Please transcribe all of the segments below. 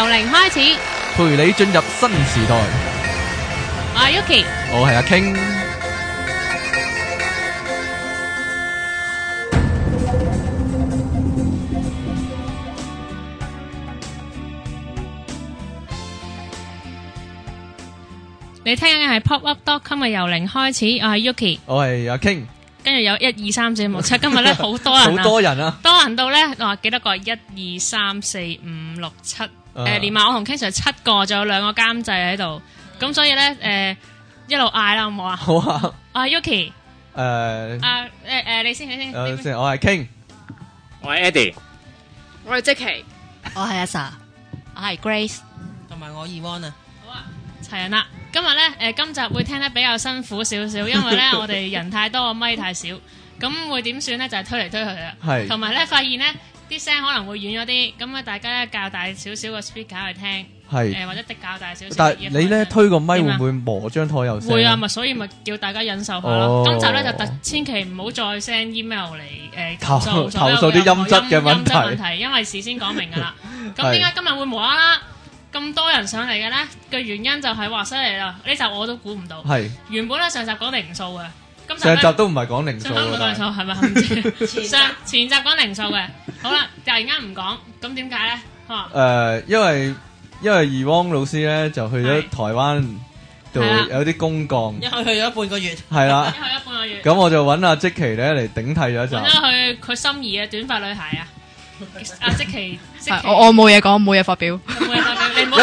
由零開始，陪你進入新時代。我係 Yuki，我係阿 King。你聽緊嘅係 Pop Up Dot Com 嘅由零開始，我係 Yuki，我係阿 King。跟住有一二三四五，今日咧，好多人，好多人啊，多人到咧，我話幾多個？一二三四五六七。誒、呃，連埋我同 King Sir 七個，仲有兩個監製喺度，咁所以咧，誒、呃，一路嗌啦，好冇啊？好啊！阿 Yuki，誒，阿誒誒，你先，你先，呃、先我係 King，我係 Eddie，我係 Jiki，我係阿 Sir, s a r 我係 Grace，同埋我 Ewan 啊！好啊，齊人啦！今日咧，誒、呃，今集會聽得比較辛苦少少，因為咧 我哋人太多，咪太少，咁會點算咧？就係、是、推嚟推去啦，係是，同埋咧發現咧。啲聲可能會遠咗啲，咁啊大家咧較大少少個 speaker 去聽，誒或者即係較大少少。但係你咧推個咪會唔會磨張台又聲？會啊，咪所以咪叫大家忍受下咯。今集咧就特千祈唔好再 send email 嚟，誒，投投訴啲音質嘅問題，因為事先講明噶啦。咁點解今日會無啦啦咁多人上嚟嘅咧？個原因就係話犀利啦，呢集我都估唔到。係原本咧上集講靈數嘅。上集都唔係講零數啦。上集講零數係嘛？上前集講零數嘅，好啦，突然間唔講，咁點解咧？誒，因為因為 Yvonne 老師咧就去咗台灣度有啲公幹，然後去咗半個月，係啦，去半個月。咁我就搵阿積奇咧嚟頂替咗一陣，咁去佢心儀嘅短發女孩啊，阿積奇，我我冇嘢講，冇嘢發表，冇嘢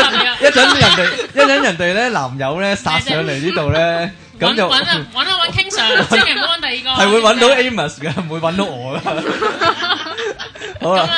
發表，一一陣人哋，一陣人哋咧男友咧殺上嚟呢度咧。搵搵啊搵啊搵傾相，即係唔好搵第二個。係會揾到 Amos 嘅，唔會揾到我啦。好啦，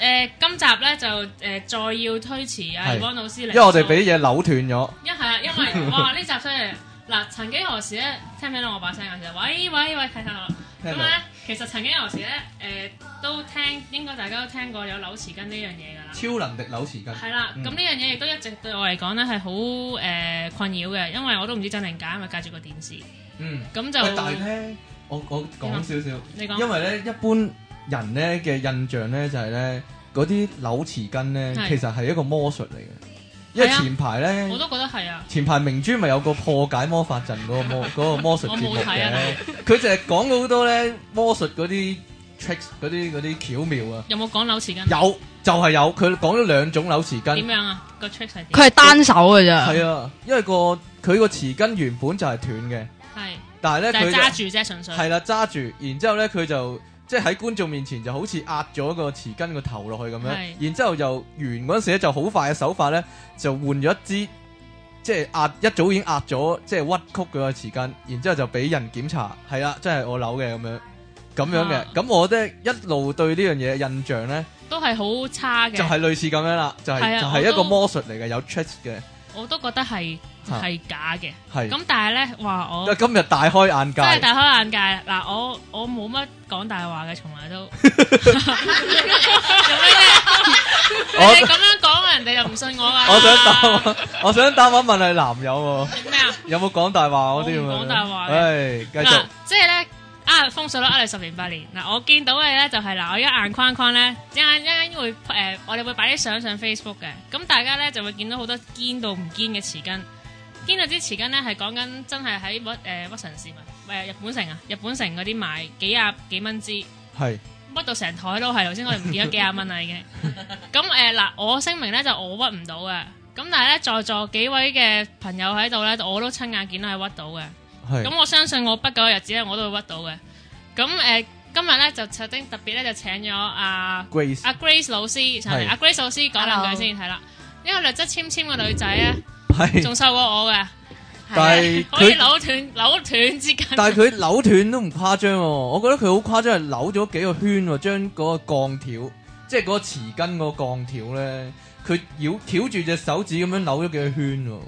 誒，今集咧就誒再要推遲啊，梁老師嚟。因為我哋俾嘢扭斷咗。一係啊，因為哇呢集真係嗱，曾幾何時咧？聽唔聽到我把聲啊？其實喂喂喂，睇睇到啦。咁咧，Hello. 其實曾經有時咧，誒、呃、都聽，應該大家都聽過有扭匙羹呢樣嘢㗎啦。超能力扭匙羹，係啦了，咁呢、嗯、樣嘢亦都一直對我嚟講咧係好誒困擾嘅，因為我都唔知真定假，因為隔住個電視。嗯。咁就但係咧，我我講少少。你講說。因為咧，一般人咧嘅印象咧就係、是、咧，嗰啲扭匙羹咧其實係一個魔術嚟嘅。因為前排咧，我都覺得係啊。前排明珠咪有個破解魔法陣嗰 個魔嗰個、啊、魔術節目嘅，佢淨係講咗好多咧魔術嗰啲 tricks 嗰啲嗰啲巧妙啊。有冇講扭匙羹？有就係有，佢講咗兩種扭匙羹。點樣啊？個 tricks 係點樣？佢係單手嘅啫。係啊，因為個佢個匙羹原本就係斷嘅。係是。但係咧，佢揸住啫，純粹就。係啦純，揸住，然之後咧，佢就。即係喺觀眾面前就好似壓咗個匙羹個頭落去咁樣，的然之後又完嗰陣時咧就好快嘅手法咧就換咗一支，即係壓一早已經壓咗即係屈曲嗰個匙羹，然之後就俾人檢查係啦，真係我扭嘅咁樣咁樣嘅，咁、啊、我咧一路對呢樣嘢印象咧都係好差嘅，就係類似咁樣啦，的就係就係一個魔術嚟嘅，都有 trace 嘅，我都覺得係。係假嘅，咁但係咧，話我今日大開眼界，真係大開眼界。嗱，我我冇乜講大話嘅，從來都。做咩啫？你咁樣講，人哋就唔信我噶。我想答，我想答翻問你男友。咩啊？有冇講大話嗰啲咁啊？講大話嘅。誒，繼續。即係咧，啊風水佬呃你十年八年嗱，我見到嘅咧就係嗱，我一眼框框咧，一眼一眼會誒，我哋會擺啲相上 Facebook 嘅，咁大家咧就會見到好多堅到唔堅嘅匙羹。今日啲匙羹咧，係講緊真係喺屈誒屈臣氏嘛，唔係日本城啊，日本城嗰啲賣幾廿幾蚊支，係屈到成台都係頭先，我哋唔見咗幾廿蚊啦已經。咁誒嗱，我聲明咧就我屈唔到嘅，咁但係咧在座幾位嘅朋友喺度咧，我都親眼見到係屈到嘅。係咁我相信我不久嘅日子咧，我都會屈到嘅。咁誒今日咧就特登特別咧就請咗阿 Grace 阿 Grace 老師上嚟，阿 Grace 老師講兩句先係啦，一個弱質纖纖嘅女仔啊！係，仲瘦過我嘅，但係可以扭斷扭斷之間，但係佢扭斷都唔誇張，我覺得佢好誇張係扭咗幾個圈，將嗰個鋼條，就是的，即係嗰個匙羹嗰個鋼條咧，佢繞挑住隻手指咁樣扭咗幾個圈，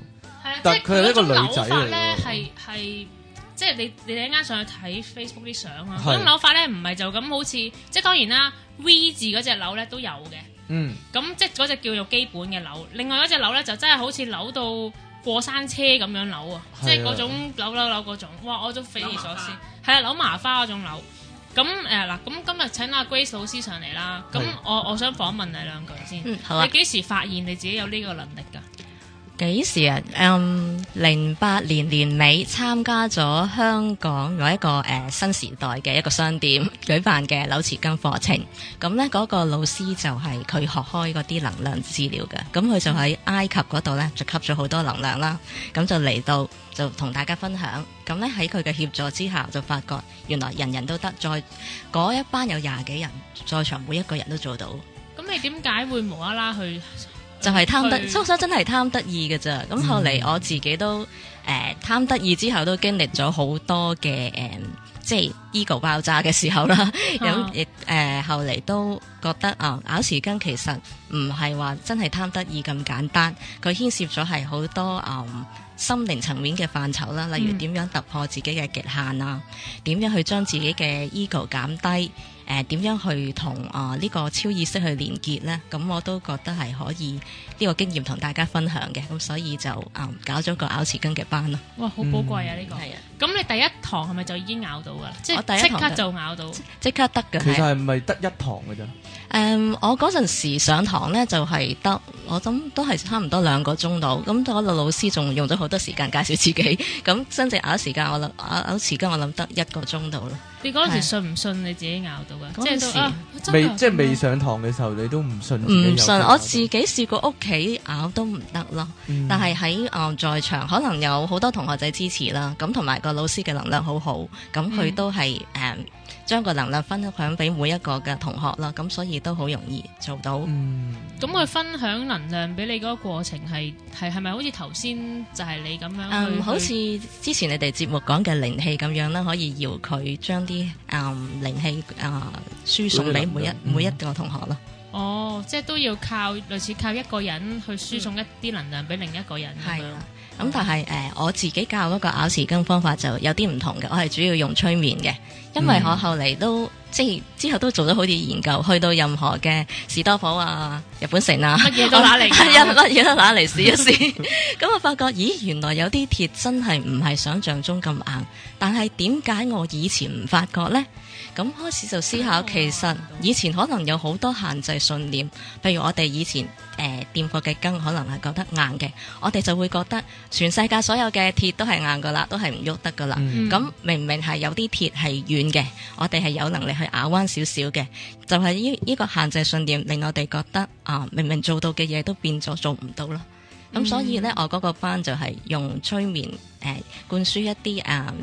係啊，但係佢係一個女仔咧係係，即係你你一啱上去睇 Facebook 啲相啊，咁扭法咧唔係就咁好似，即係當然啦，V 字嗰隻扭咧都有嘅。嗯，咁即係嗰隻叫做基本嘅扭，另外嗰隻扭咧就真係好似扭到過山車咁樣扭啊，的即係嗰種扭扭扭嗰種，哇！我都匪夷所思，係啊，扭麻花嗰種扭。咁誒嗱，咁、啊、今日請阿 Grace 老師上嚟啦，咁的我我想訪問你兩句先，嗯、你幾時發現你自己有呢個能力㗎？幾時啊？嗯，零八年年尾參加咗香港有一個誒、呃、新時代嘅一個商店舉辦嘅扭匙羹課程。咁呢嗰個老師就係佢學開嗰啲能量治療嘅。咁、嗯、佢就喺埃及嗰度呢，就吸咗好多能量啦。咁、嗯、就嚟到就同大家分享。咁呢喺佢嘅協助之下，就發覺原來人人都得。再嗰一班有廿幾人在場，每一個人都做到。咁你點解會無啦啦去？就係貪得，是初初真係貪得意嘅咋。咁 後嚟我自己都誒、呃、貪得意之後，都經歷咗好多嘅誒、呃，即係 ego 爆炸嘅時候啦。咁亦誒後嚟、呃、都覺得啊、呃，咬匙羹其實唔係話真係貪得意咁簡單，佢牽涉咗係好多啊、呃、心靈層面嘅範疇啦。例如點樣突破自己嘅極限啊？點 樣去將自己嘅 ego 減低？誒點、呃、樣去同啊呢、呃呢個超意識去連結咧？咁、嗯、我都覺得係可以。呢個經驗同大家分享嘅，咁所以就啊搞咗個咬匙羹嘅班咯。哇，好寶貴啊！呢個係啊，咁你第一堂係咪就已經咬到噶啦？即係即刻就咬到，即刻得㗎。其實係唔係得一堂嘅啫？誒，我嗰陣時上堂呢就係得，我諗都係差唔多兩個鐘度。咁我個老師仲用咗好多時間介紹自己。咁真正咬時間，我諗咬匙羹，我諗得一個鐘度咯。你嗰陣時信唔信你自己咬到噶？嗰陣時未，即係未上堂嘅時候，你都唔信。唔信，我自己試過屋企。企咬都唔得咯，嗯、但係喺啊在場可能有好多同學仔支持啦，咁同埋個老師嘅能量好好，咁佢都係誒將個能量分享俾每一個嘅同學啦，咁所以都好容易做到。咁佢、嗯、分享能量俾你嗰個過程係係係咪好似頭先就係你咁樣、嗯？好似之前你哋節目講嘅靈氣咁樣啦，可以搖佢將啲啊靈氣啊輸送俾每一、嗯、每一個同學咯。哦，即係都要靠類似靠一個人去輸送一啲能量俾、嗯、另一個人咁、啊、樣。咁但係是誒、嗯呃，我自己教嗰個咬匙羹方法就有啲唔同嘅，我係主要用催眠嘅。因為我後嚟都即係之後都做咗好啲研究，去到任何嘅士多寶啊、日本城啊，乜嘢都拿嚟，乜嘢 都拿嚟試一試。咁 我發覺，咦，原來有啲鐵真係唔係想象中咁硬。但係點解我以前唔發覺呢？咁開始就思考，其實以前可能有好多限制信念。譬如我哋以前誒，掂、呃、過嘅羹可能係覺得硬嘅，我哋就會覺得全世界所有嘅鐵都係硬噶啦，都係唔喐得噶啦。咁、嗯、明明係有啲鐵係軟。遠嘅，我哋係有能力去咬彎少少嘅，就係呢依個限制信念令我哋覺得啊、呃，明明做到嘅嘢都變咗做唔到咯。咁、嗯嗯、所以呢，我嗰個班就係用催眠誒、呃，灌輸一啲啊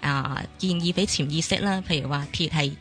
啊建議俾潛意識啦，譬如話鐵係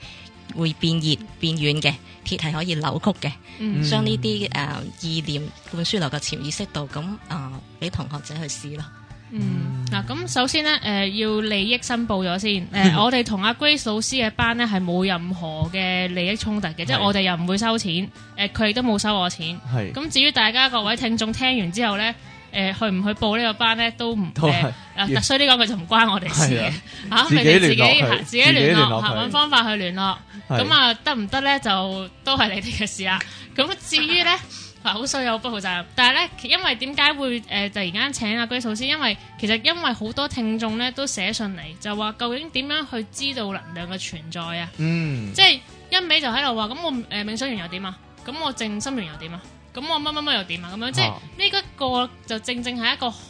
會變熱變軟嘅，鐵係可以扭曲嘅，將呢啲誒意念灌輸落個潛意識度，咁啊俾同學仔去試咯。嗯，嗱，咁首先咧，誒要利益申報咗先，誒我哋同阿 Grace 老師嘅班咧係冇任何嘅利益衝突嘅，即係我哋又唔會收錢，誒佢亦都冇收我錢，係。咁至於大家各位聽眾聽完之後咧，誒去唔去報呢個班咧都唔嘅，啊，特需呢個咪就唔關我哋事嘅，嚇，咪你自己，自己聯絡，自己揾方法去聯絡，咁啊得唔得咧就都係你哋嘅事啦。咁至於咧。係好衰又好不負責任，但係咧，因為點解會誒突然間請阿 Grace 先？因為其實因為好多聽眾咧都寫信嚟，就話究竟點樣去知道能量嘅存在啊？嗯，即係一味就喺度話，咁我誒冥想完又點啊？咁我靜心完又點啊？咁我乜乜乜又點啊？咁樣即係呢一個就正正係一個好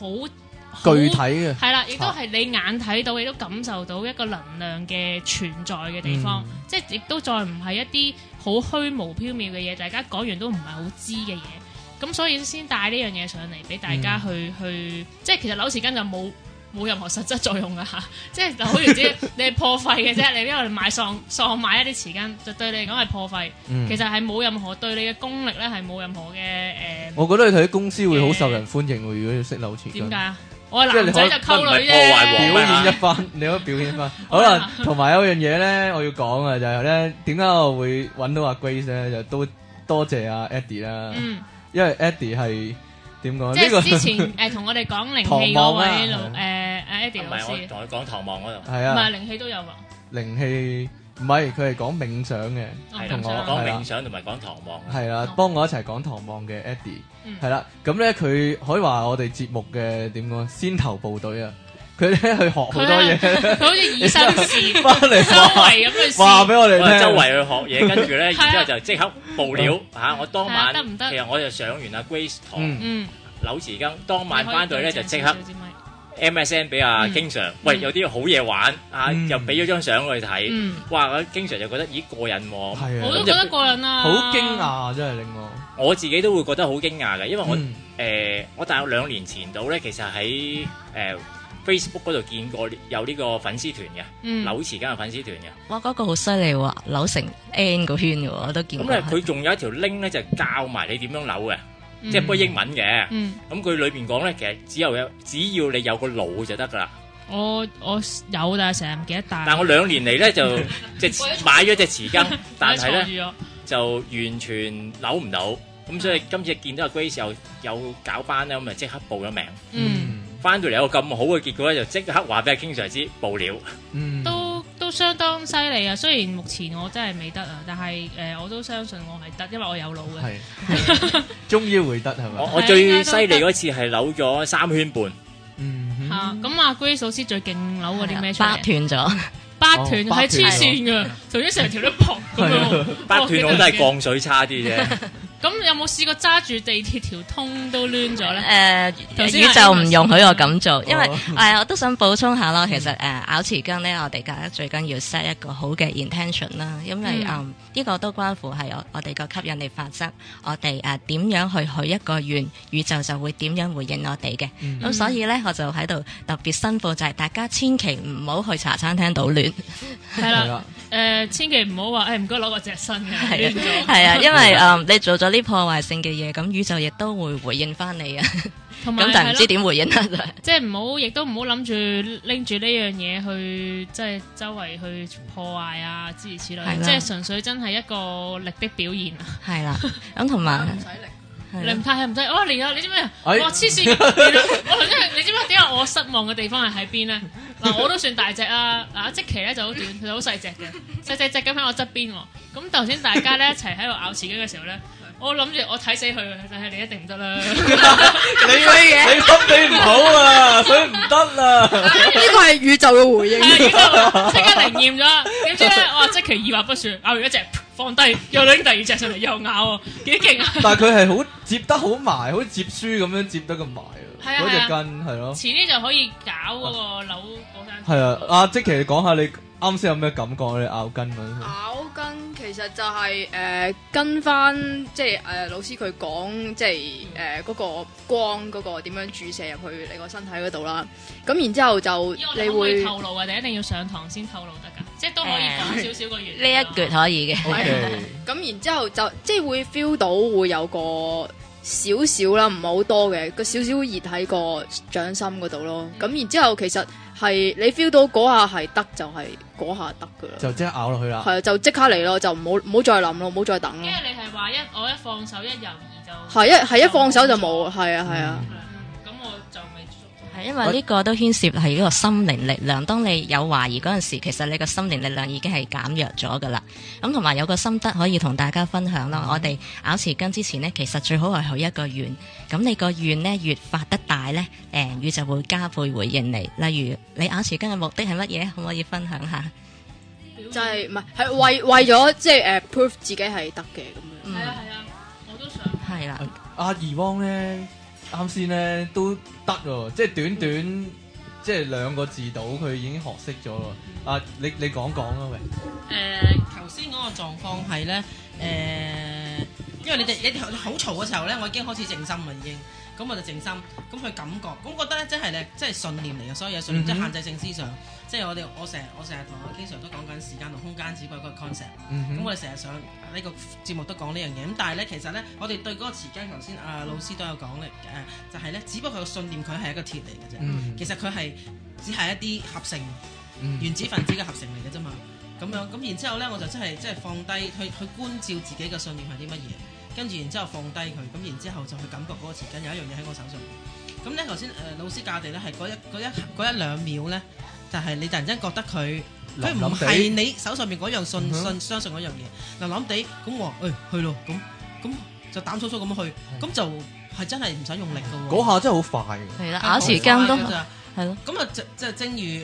具體嘅，係啦，亦都係你眼睇到，亦都感受到一個能量嘅存在嘅地方，即係亦都再唔係一啲，好虛無縹緲嘅嘢，大家講完都唔係好知嘅嘢，咁所以先帶呢樣嘢上嚟俾大家去去，即係其實扭匙羹就冇冇任何實質作用噶嚇，即係好容易，你係破費嘅啫，你因為你買喪喪買一啲匙羹，就對你嚟講係破費，其實係冇任何對你嘅功力咧，係冇任何嘅誒。我覺得你睇公司會好受人歡迎喎，如果要識扭匙羹。點解啊？即係你可以唔係表演一番，你可以表演一番。好啦，同埋有一樣嘢咧，我要講啊，就係咧，點解我會揾到阿 Grace 咧？就都多謝阿 Eddie 啦。嗯，因為 Eddie 係點講咧？即係之前誒，同我哋講靈氣嗰位老誒誒，Eddie 老師。同佢講唐望嗰度，係啊，唔係靈氣都有啊。靈氣。唔係，佢係講冥想嘅，係同我講冥想同埋講唐望。係啦，幫我一齊講唐望嘅 Eddie，係啦，咁咧佢可以話我哋節目嘅點講先頭部隊啊，佢咧去學好多嘢，好似以身試翻嚟周圍咁去，話俾我哋聽，周圍去學嘢，跟住咧，然之後就即刻報料吓，我當晚得唔得，其實我就上完阿 Grace 堂，嗯，扭匙羹，當晚翻到去咧就即刻。MSN 俾阿經常，喂有啲好嘢玩，阿又俾咗張相佢睇，哇！阿經常就覺得咦過癮喎，我都覺得過癮啊，好驚訝真係令我，我自己都會覺得好驚訝嘅，因為我誒我大概兩年前到咧，其實喺誒 Facebook 嗰度見過有呢個粉絲團嘅，扭匙羹嘅粉絲團嘅，哇！嗰個好犀利喎，扭成 N 個圈嘅喎，我都見過咁咧，佢仲有一條 link 咧就教埋你點樣扭嘅。即係不英文嘅，咁佢裏面講咧，其實只有有只要你有個腦就得噶啦。我我有，但係成日唔記得帶。但我兩年嚟咧就即係 買咗隻匙羹， 但係咧 就完全扭唔到。咁、 嗯、所以今次見到阿 Grace 又又搞班咧，咁咪即刻報咗名。嗯，翻到嚟有咁好嘅結果咧，就即刻話俾阿 k 常知報料。嗯。都相當犀利啊！雖然目前我真係未得啊，但係誒，我都相信我係得，因為我有腦嘅。係終於會得係咪？我最犀利嗰次係扭咗三圈半。嗯。吓咁啊，Grace 老師最勁扭嗰啲咩出嚟？八斷咗，八斷係黐線嘅，總之成條都仆咁樣。八斷我都係降水差啲啫。咁有冇試過揸住地鐵條通都攣咗咧？誒、嗯呃、宇宙唔容許我咁做，因為誒、oh. 哎、我都想補充下咯。其實誒、呃、咬匙羹咧，我哋而家最緊要 set 一個好嘅 intention 啦，因為、mm. 嗯呢、呢個都關乎係我哋個吸引力法則，我哋誒點樣去許一個願，宇宙就會點樣回應我哋嘅。咁、mm. 嗯、所以咧，我就喺度特別辛苦，就係、是、大家千祈唔好去茶餐廳搗亂，係啦。誒千祈唔好話誒唔該攞個隻身嘅，啊，係啊，因為， 因為嗯你做咗。啲破壞性嘅嘢，咁宇宙亦都會回應翻你啊！咁但係唔知點回應啦，就即係唔好，亦都唔好諗住拎住呢樣嘢去，即係周圍去破壞啊，諸如此類。係啦，即係純粹真係一個力的表現啊！係啦，咁同埋唔使力，你唔睇下唔使哦嚟啦！你知唔知啊？哇黐線嚟啦！我頭先你知唔知點解我失望嘅地方係喺邊咧？嗱，我都算大隻啊！啊，隻鰭咧就好短，佢好細隻嘅，細細隻咁喺我側邊。咁頭先大家咧一齊喺度咬自己嘅時候咧。我諗住我睇死佢，就係你一定唔得啦！你乜你心理唔好啊，所以唔得啦。呢個係宇宙嘅回應，即刻靈驗咗。點知咧，哇！即其二話不說咬完一隻，放低又拎第二隻上嚟又咬，幾勁啊！但係佢係好接得好埋，好似接書咁樣接得咁埋啊！嗰隻根，係咯，遲啲就可以搞嗰個扭嗰係啊，阿即其講下你。啱先有咩感覺咧？你咬筋嗰啲？咬筋其實就係、是、誒、呃、跟翻即係誒、呃、老師佢講即係誒嗰個光嗰、嗰個點樣注射入去你個身體嗰度啦。咁然之後就你會透露呀，你一定要上堂先透露得㗎？呃、即係都可以講少少個月。呢、呃、一個可以嘅。咁 Okay. 然之後就即係會 feel 到會有個少少啦，唔係好多嘅個少少熱喺個掌心嗰度咯。咁、嗯、然之後，後其實。係你 feel 到嗰下係得就係嗰下得噶啦，就即刻咬落去啦，係啊就即刻嚟咯，就唔好唔好再諗咯，唔好再等咯。因為你係話一我一放手一猶豫就係一係一放手就冇，係啊係啊。因為呢個都牽涉係一個心靈力量，當你有懷疑嗰陣時，其實你個心靈力量已經係減弱咗噶啦。咁同埋有個心得可以同大家分享咯。嗯、我哋拗匙羹之前呢，其實最好係許一個願。咁你個願呢，越發得大呢，誒、呃，願就會加倍回應你。例如你拗匙羹嘅目的係乜嘢？可唔可以分享下？就係唔係係為為咗即係誒 prove 自己係得嘅咁樣。係、嗯、啊係啊，我都想。係啦、啊啊，阿怡汪呢。啱先咧都得喎，即係短短、嗯、即係兩個字到，佢已經學識咗咯。嗯、啊，你你講講啦喂。誒、呃，頭先嗰個狀況係咧，誒、呃，嗯、因為你哋你好嘈嘅時候咧，我已經開始靜心啊已經。咁我就靜心，咁佢感覺，咁覺得咧，即係咧，即係信念嚟嘅，所以有信念即係限制性思想，嗯、哼即係我哋我成日我成日同我經常，我經常都講緊時間同空間概念，嗯、哼這個 concept，咁我哋成日上呢個節目都講呢樣嘢，咁但係咧，其實咧，我哋對嗰個時間，頭先啊老師都有講咧，誒，就係、是、咧，只不過信念佢係一個鐵嚟嘅啫，嗯、哼其實佢係只係一啲合成原子分子嘅合成嚟嘅啫嘛，咁樣，咁然之後咧，我就真係即係放低去去觀照自己嘅信念係啲乜嘢。跟住然之後放低佢，咁然之後就去感覺嗰個匙羹有一樣嘢喺我手上。咁咧頭先誒老師教地咧係嗰一嗰一嗰一兩秒咧，就係你突然間覺得佢，佢唔係你手上面嗰樣信信相信嗰樣嘢，諗諗哋咁我，誒去咯，咁咁就膽粗粗咁去，咁就係真係唔使用力嘅喎。嗰下真係好快嘅，係啦，咬匙羹都就係咯。咁啊即即係正如誒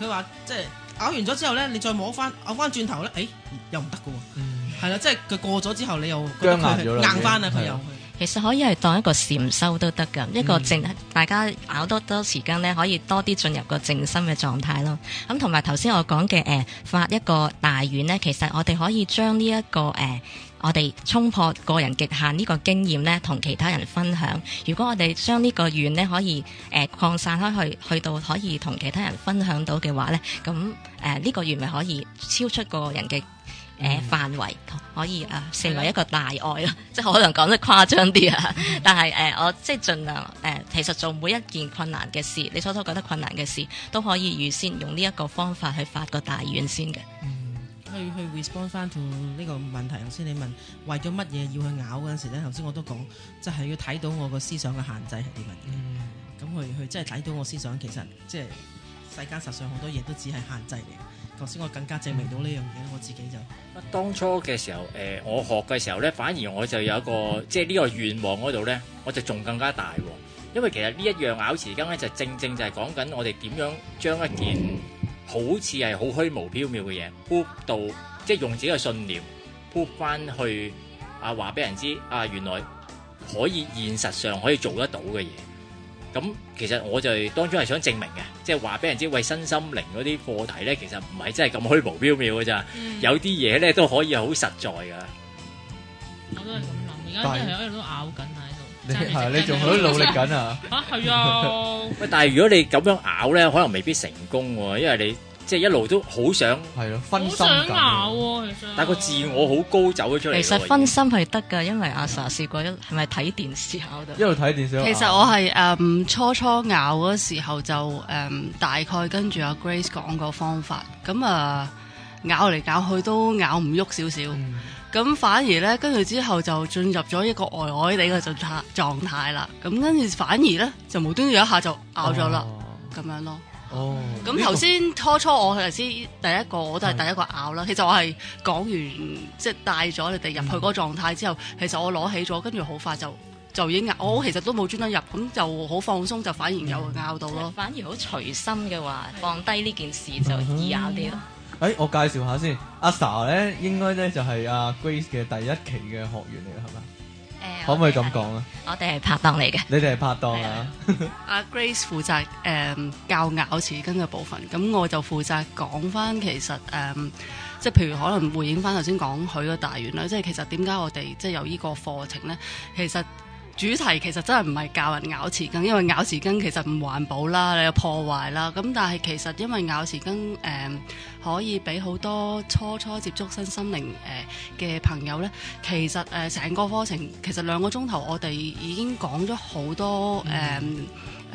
佢話，即係咬完咗之後咧，你再摸翻咬翻轉頭咧，誒又唔得嘅喎。係啦，即係佢過咗之後，你又僵硬咗，硬翻啦，佢又。其實可以係當一個禪修都得噶，嗯、一個靜，大家咬多多時間呢，可以多啲進入個靜心嘅狀態咯。咁同埋頭先我講嘅，誒、呃、發一個大願呢，其實我哋可以將呢一個，誒、呃、我哋衝破個人極限呢個經驗呢，同其他人分享。如果我哋將呢個願呢，可以誒、呃、擴散開去，去到可以同其他人分享到嘅話呢，咁誒呢個願咪可以超出個人嘅。誒，嗯、範圍可以誒、嗯呃、成為一個大愛咯，嗯、即係可能講得誇張啲啊，但係誒、呃，我即係盡量誒、呃，其實做每一件困難嘅事，你初初覺得困難嘅事，都可以預先用呢一個方法去發個大願先嘅、嗯。去去 respond 翻呢個問題，頭先你問為咗乜嘢要去咬嗰陣時咧，頭先我都講，即係要睇到我個思想嘅限制係啲乜嘢。咁、嗯、去去真係睇到我思想，其實即係世間實上好多嘢都只係限制嚟。頭先我更加證明到呢樣嘢，我自己就，當初嘅時候，誒、呃、我學嘅時候咧，反而我就有一個即係呢個願望嗰度咧，我就仲更加大喎、哦。因為其實呢一樣咬匙羹咧，就正正就係講緊我哋點樣將一件好似係好虛無縹緲嘅嘢，撥到即係用自己嘅信念撥翻去啊，話俾人知啊，原來可以現實上可以做得到嘅嘢。咁其實我就當初係想證明嘅，即係話俾人知，喂身心靈嗰啲課題咧，其實唔係真係咁虛無縹緲嘅咋，有啲嘢咧都可以係好實在噶。我都係咁諗，而家喺度都咬緊喺度，係你仲喺度努力緊啊？嚇係啊！喂，但係如果你咁樣咬咧，可能未必成功喎，因為你。即係一路都好想，係咯，分心噶，嗯，想咬啊、但係個自我好高走咗出嚟。其實分心係得噶，因為阿 Sa、嗯、試過一係咪睇電視咬到。一路睇電視咬到。其實我係誒、嗯、初初咬嗰時候就誒、嗯、大概跟住阿 Grace 講個方法，咁、嗯、啊咬嚟咬去都咬唔喐少少，咁、嗯、反而咧跟住之後就進入咗一個呆呆地嘅狀態狀態啦。咁跟住反而咧就無端端一下就咬咗啦，咁、哦、樣咯。哦，咁頭先初初我頭先第一個我都係第一個拗啦。是其實我係講完即係帶咗你哋入去嗰個狀態之後，嗯、其實我攞起咗，跟住好快就就已經拗。嗯、我其實都冇專登入，咁就好放鬆，就反而有拗到咯、嗯。反而好隨心嘅話，放低呢件事就易拗啲咯。誒、嗯欸，我介紹下先，阿 Sa 咧，應該咧就係、是、阿、啊、Grace 嘅第一期嘅學員嚟啦，係咪？可唔 Hey, 可以咁講啊？我哋係拍檔嚟嘅，你哋係拍檔啊？阿 Grace 負責誒教咬匙羹嘅部分，咁我就負責講翻其實誒，um, 即係譬如可能回應翻頭先講佢嘅大圓啦，即係其實點解我哋即係有個課呢個課程咧？其實。主題其實真係唔係教人咬匙羹，因為咬匙羹其實唔環保啦，你又破壞啦。咁但係其實因為咬匙羹誒、呃，可以俾好多初初接觸身心靈誒嘅、呃、朋友呢，其實誒成、呃、個課程其實兩個鐘頭，我哋已經講咗好多誒。嗯呃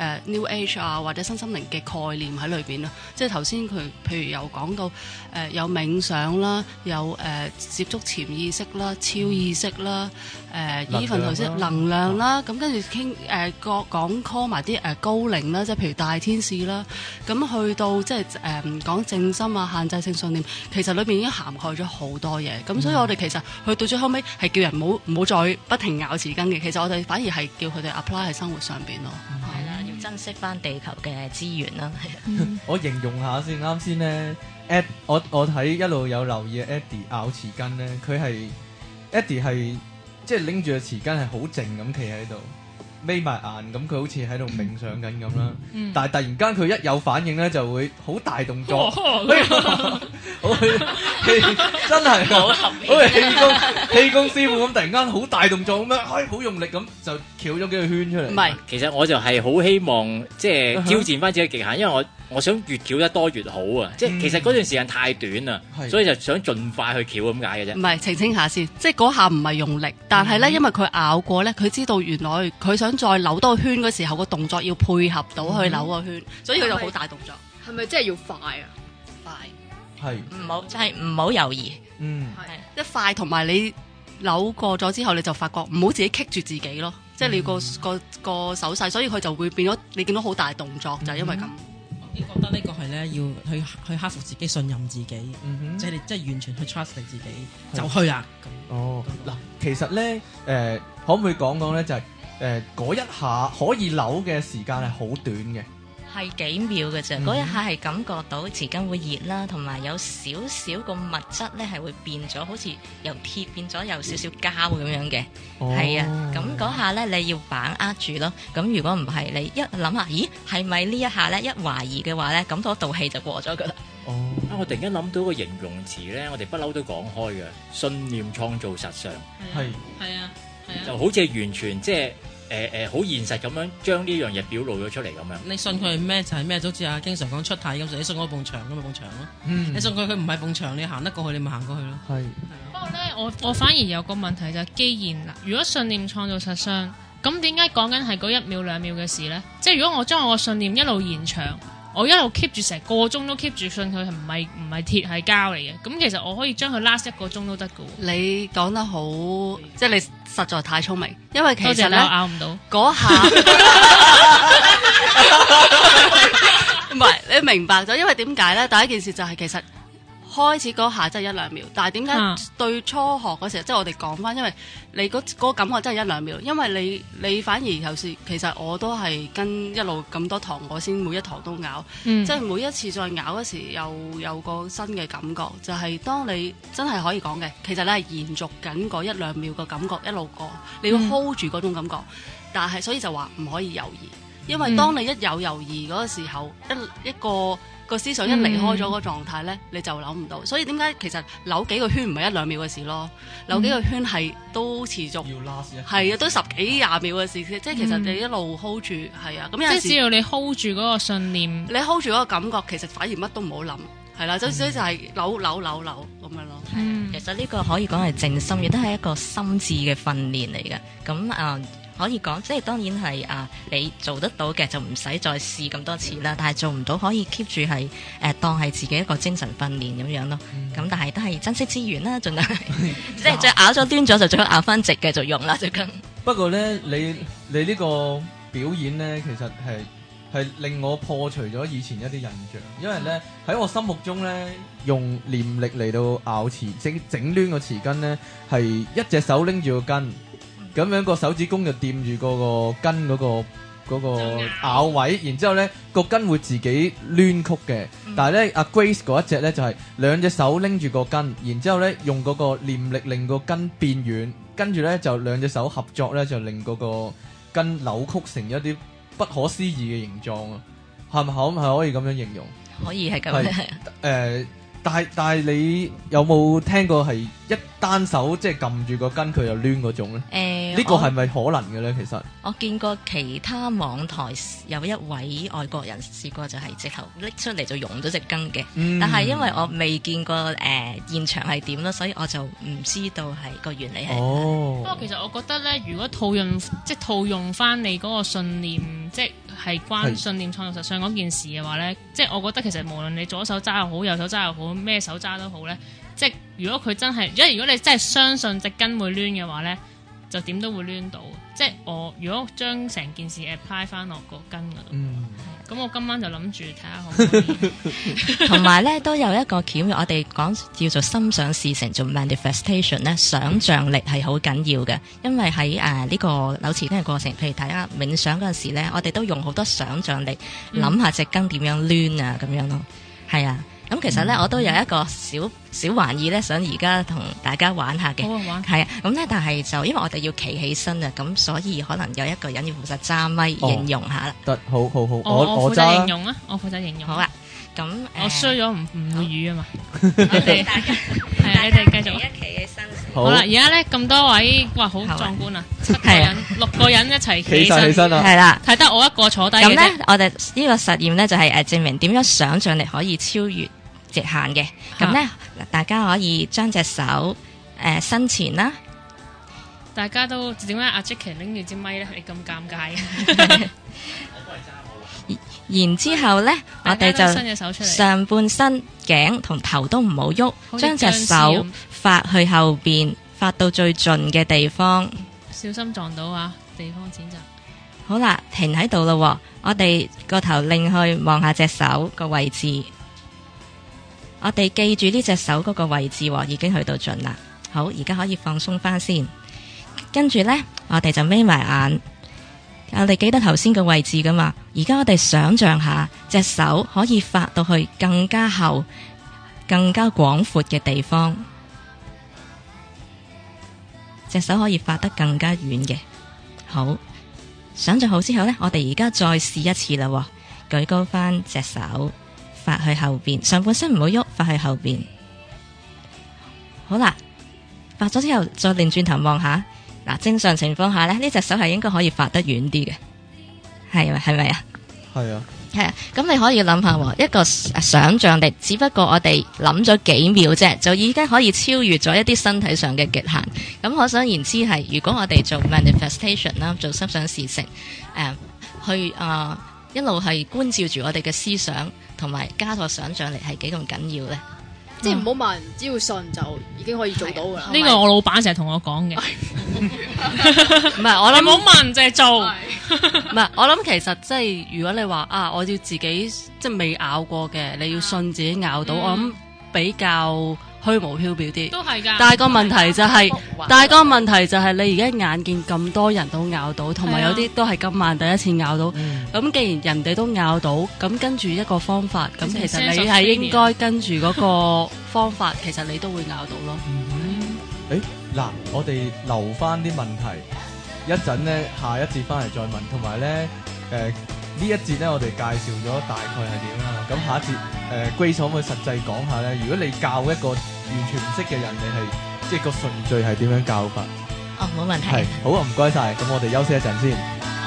誒、uh, New Age 啊，或者新心靈嘅概念喺裏邊啦，即係頭先佢譬如又講到誒、呃、有冥想啦，有誒、呃、接觸潛意識啦、超意識啦，誒 even 頭先能量啦，咁跟住傾誒講講 call 埋啲誒高靈啦，即係譬如大天使啦，咁、嗯、去到即係誒、呃、講正心啊，限制性信念其實裏邊已經涵蓋咗好多嘢。咁、嗯嗯、所以我哋其實去到最後尾係叫人唔好唔好再不停咬匙羹嘅，其實我哋反而係叫佢哋 apply 喺生活上邊咯。嗯分析翻地球嘅資源啦，嗯、 我形容下先。啱先咧，阿我我睇一路有留意 Eddie 拗匙羹咧，佢係 Eddie 係即係拎住個匙羹靜，係好靜咁企喺度。眯埋眼咁，佢好似喺度冥想緊咁啦。嗯、但係突然間佢一有反應咧，就會好大動作。真係，好似氣功 氣功師傅咁，突然間好大動作咁樣，好、哎、用力咁就翹咗幾個圈出嚟。唔係，其實我就係好希望即係挑戰翻自己極限，因為我。我想越撬得多越好啊！即係其實嗰段時間太短啦，是所以就想盡快去撬咁解嘅啫。唔係澄清下先，即係嗰下唔係用力，但係咧、嗯、因為佢咬過咧，佢知道原來佢想再扭多個圈嗰時候個動作要配合到去扭個圈，嗯、所以佢就好大動作。係咪即係要快啊？快係唔好，即係唔好猶豫。嗯，係即是快，同埋你扭過咗之後，你就發覺唔好自己棘住自己咯。即係你、個、嗯個、個手勢，所以佢就會變咗你見到好大動作，就係、因為咁。你覺得呢個係咧要去去克服自己、信任自己，嗯、哼即係即係完全去 trust 你自己是就去啦。哦，嗱，其實咧，誒、呃，可唔可以講講咧？就係、是、誒，嗰、呃、一下可以扭嘅時間係好短嘅。係幾秒嘅啫，嗰、mm hmm. 一下係感覺到匙羹會熱啦，同埋有少少個物質咧，係會變咗，好似由鐵變咗有少少膠咁樣嘅，係、oh. 啊，咁嗰下咧，你要把握住咯。咁如果唔係，你一諗下，咦，係咪呢一下咧，一懷疑嘅話咧，咁嗰道氣就過咗噶啦。哦，啊，我突然間諗到個形容詞咧，我哋不嬲都講開嘅，信念創造實相，係係啊，係是啊，啊就好似完全即係。就是誒誒，好、呃、現實咁樣將呢樣嘢表露咗出嚟咁樣。你信佢咩就係咩，都知啊。經常講出題咁，你信我埲牆咁咪埲牆咯。嗯、你信佢佢唔係埲牆，你行得過去你咪行過去咯。係是。是不過咧，我我反而有個問題就係、是，既然如果信念創造實相，咁點解講緊係嗰一秒兩秒嘅事咧？即係如果我將我嘅信念一路延長。我一路 keep 住成個鐘都 keep 住信佢係唔係唔係鐵係膠嚟嘅，咁其實我可以將佢 last 一個鐘都得嘅哦。你講得好，的即係你實在太聰明，因為其實咧咬唔到嗰下，唔係，你明白咗？因為點解咧？第一件事就係其實。開始嗰下真係一兩秒，但係點解對初學嗰時，啊、即係我哋講返，因為你嗰、嗰個嗰個、感覺真係一兩秒，因為你你反而有時其實我都係跟一路咁多堂，我先每一堂都咬，嗯、即係每一次再咬嗰時又有個新嘅感覺，就係、是、當你真係可以講嘅，其實你係延續緊嗰一兩秒嘅感覺一路過，你要 hold 住嗰種感覺，嗯、但係所以就話唔可以猶豫。因為當你一有猶豫嗰個時候，一一個個思想一離開咗個狀態咧，你就諗唔到。所以點解其實扭幾個圈唔係一兩秒嘅事咯？扭幾個圈係都持續，係啊，都十幾廿秒嘅事。即係其實你一路 hold 住，係啊。即係只要你 hold 住嗰個信念，你 hold 住嗰個感覺，其實反而乜都唔好諗，係啦。所以就係扭扭扭扭咁樣咯。嗯，其實呢個可以講係靜心，亦都係一個心智嘅訓練嚟嘅。咁啊。可以講，即係當然係啊！你做得到嘅就唔使再試咁多次啦。但係做唔到可以 keep 住係，誒當係自己一個精神訓練咁樣咯。咁但係都係珍惜資源啦，盡量即係再拗咗攣咗就再拗翻直嘅就用啦，最緊。不過咧，你你呢個表演咧，其實係係令我破除咗以前一啲印象，因為咧喺我心目中咧，用念力嚟到拗匙整整攣個匙羹咧，係一隻手拎住個羹，咁樣個手指公就掂住個個筋嗰、嗰個嗰、嗰個、咬位，oh、no. 然之後呢、嗰個筋會自己攣曲嘅。Mm. 但係呢，阿 Grace 嗰一隻呢，就係兩隻手拎住個筋，然之後呢用嗰個念力令個筋變軟，跟住呢，就兩隻手合作呢就令嗰個筋扭曲成一啲不可思議嘅形狀啊！係咪？係咪可以咁樣形容？可以係咁樣係誒是。 呃但係但係你有冇聽過係一單手即係撳住個羹佢就攣嗰種咧？誒、欸，呢個係咪可能嘅咧？我其實我見過其他網台有一位外國人試過就係直頭拎出嚟就溶咗隻羹嘅，嗯、但係因為我未見過誒、呃、現場係點啦，所以我就唔知道係個原理係點。不過、哦、其實我覺得咧，如果套用即係套用翻你嗰個信念，即係。係關信念創造實相嗰件事嘅話呢，即係我覺得其實無論你左手揸又好，右手揸又好，咩手揸都好呢，即係如果佢真係，如果你真係相信隻根會攣嘅話呢，就點都會攣到。即係我如果將成件事 apply 翻落個根度。嗯。咁我今晚就諗住睇下，同埋咧都有一個僥倖，我哋講叫做心想事成，做 manifestation 咧，想像力係好緊要嘅。因為喺誒呢個扭匙羹嘅過程，譬如睇下冥想嗰陣時咧，我哋都用好多想像力，諗下隻羹點樣攣啊咁樣咯，係啊。咁其實咧，我都有一個小小玩意咧，想而家同大家玩下嘅，係啊，咁咧，但係就因為我哋要企起身啊，咁所以可能有一個人要負責揸咪形容下啦。得，好好好，我我負責形容啊，我負責形容。好啊，咁我衰咗唔唔語啊嘛。我哋大家係啊，你哋繼續一企起身。好啦，而家咧咁多位哇，好壯觀啊！七個人，六個人一齊企起身，係啦，睇得我一個坐低。咁咧，我哋呢個實驗咧就係誒證明點樣想象力可以超越。直行嘅，咁呢，哈大家可以將隻手誒、呃、伸前啦，大家都點解阿 Jackie 拎住支咪呢？你咁尷尬 然之後呢，嗯、我哋就伸隻手出嚟，上半身、頸同頭都唔好喐，將隻手發去後邊，發到最盡嘅地方，嗯，小心撞到啊！地方譴責。好啦，停喺度啦，我哋個頭擰去望下隻手個位置。我哋記住呢隻手嗰個位置喎，已經去到盡啦。好，而家可以放鬆翻先，跟住呢，我哋就眯埋眼。我哋記得頭先嘅位置噶嘛？而家我哋想象下，隻手可以發到去更加厚、更加廣闊嘅地方。隻手可以發得更加遠嘅。好，想象好之後呢，我哋而家再試一次啦喎，舉高翻隻手。發去後邊，上半身唔好喐，發去後邊。好啦，發咗之後再擰轉，轉頭望下。嗱、啊，正常情況下咧，呢隻手係應該可以發得遠啲嘅。係咪？係咪啊？係啊。係啊。咁你可以諗下，一個、呃、想象力，只不過我哋諗咗幾秒啫，就已經可以超越咗一啲身體上嘅極限。咁可想而知係，如果我哋做 manifestation 啦，做心想事成，誒、呃，去啊、呃、一路係觀照住我哋嘅思想。同埋加個想象力係幾咁緊要咧？嗯、即係唔好問，只要信就已經可以做到㗎啦。呢對有個我老闆成日同我講嘅，唔係我諗唔好問就做。唔 係 我諗其實即係如果你話啊，我要自己即係未咬過嘅，你要信自己咬到，啊、我諗比較。嗯虛無飄渺啲，都係㗎。但係個問題就係，但係個問題就係，你而家眼見咁多人都咬到，同埋有啲都係今晚第一次咬到。咁既然人哋都咬到，咁跟住一個方法，咁其實你係應該跟住嗰個方法，其實你都會咬到咯。誒，嗱，我哋留翻啲問題，一陣咧下一節翻嚟再問，同埋咧誒。呢一節咧，我哋介紹咗大概係點樣啦。咁下一節，誒、呃、Grace 可唔可以實際講下咧？如果你教一個完全唔識嘅人，你係即係個順序係點樣教法？哦，冇問題。係，好啊，唔該晒。咁我哋休息一陣先。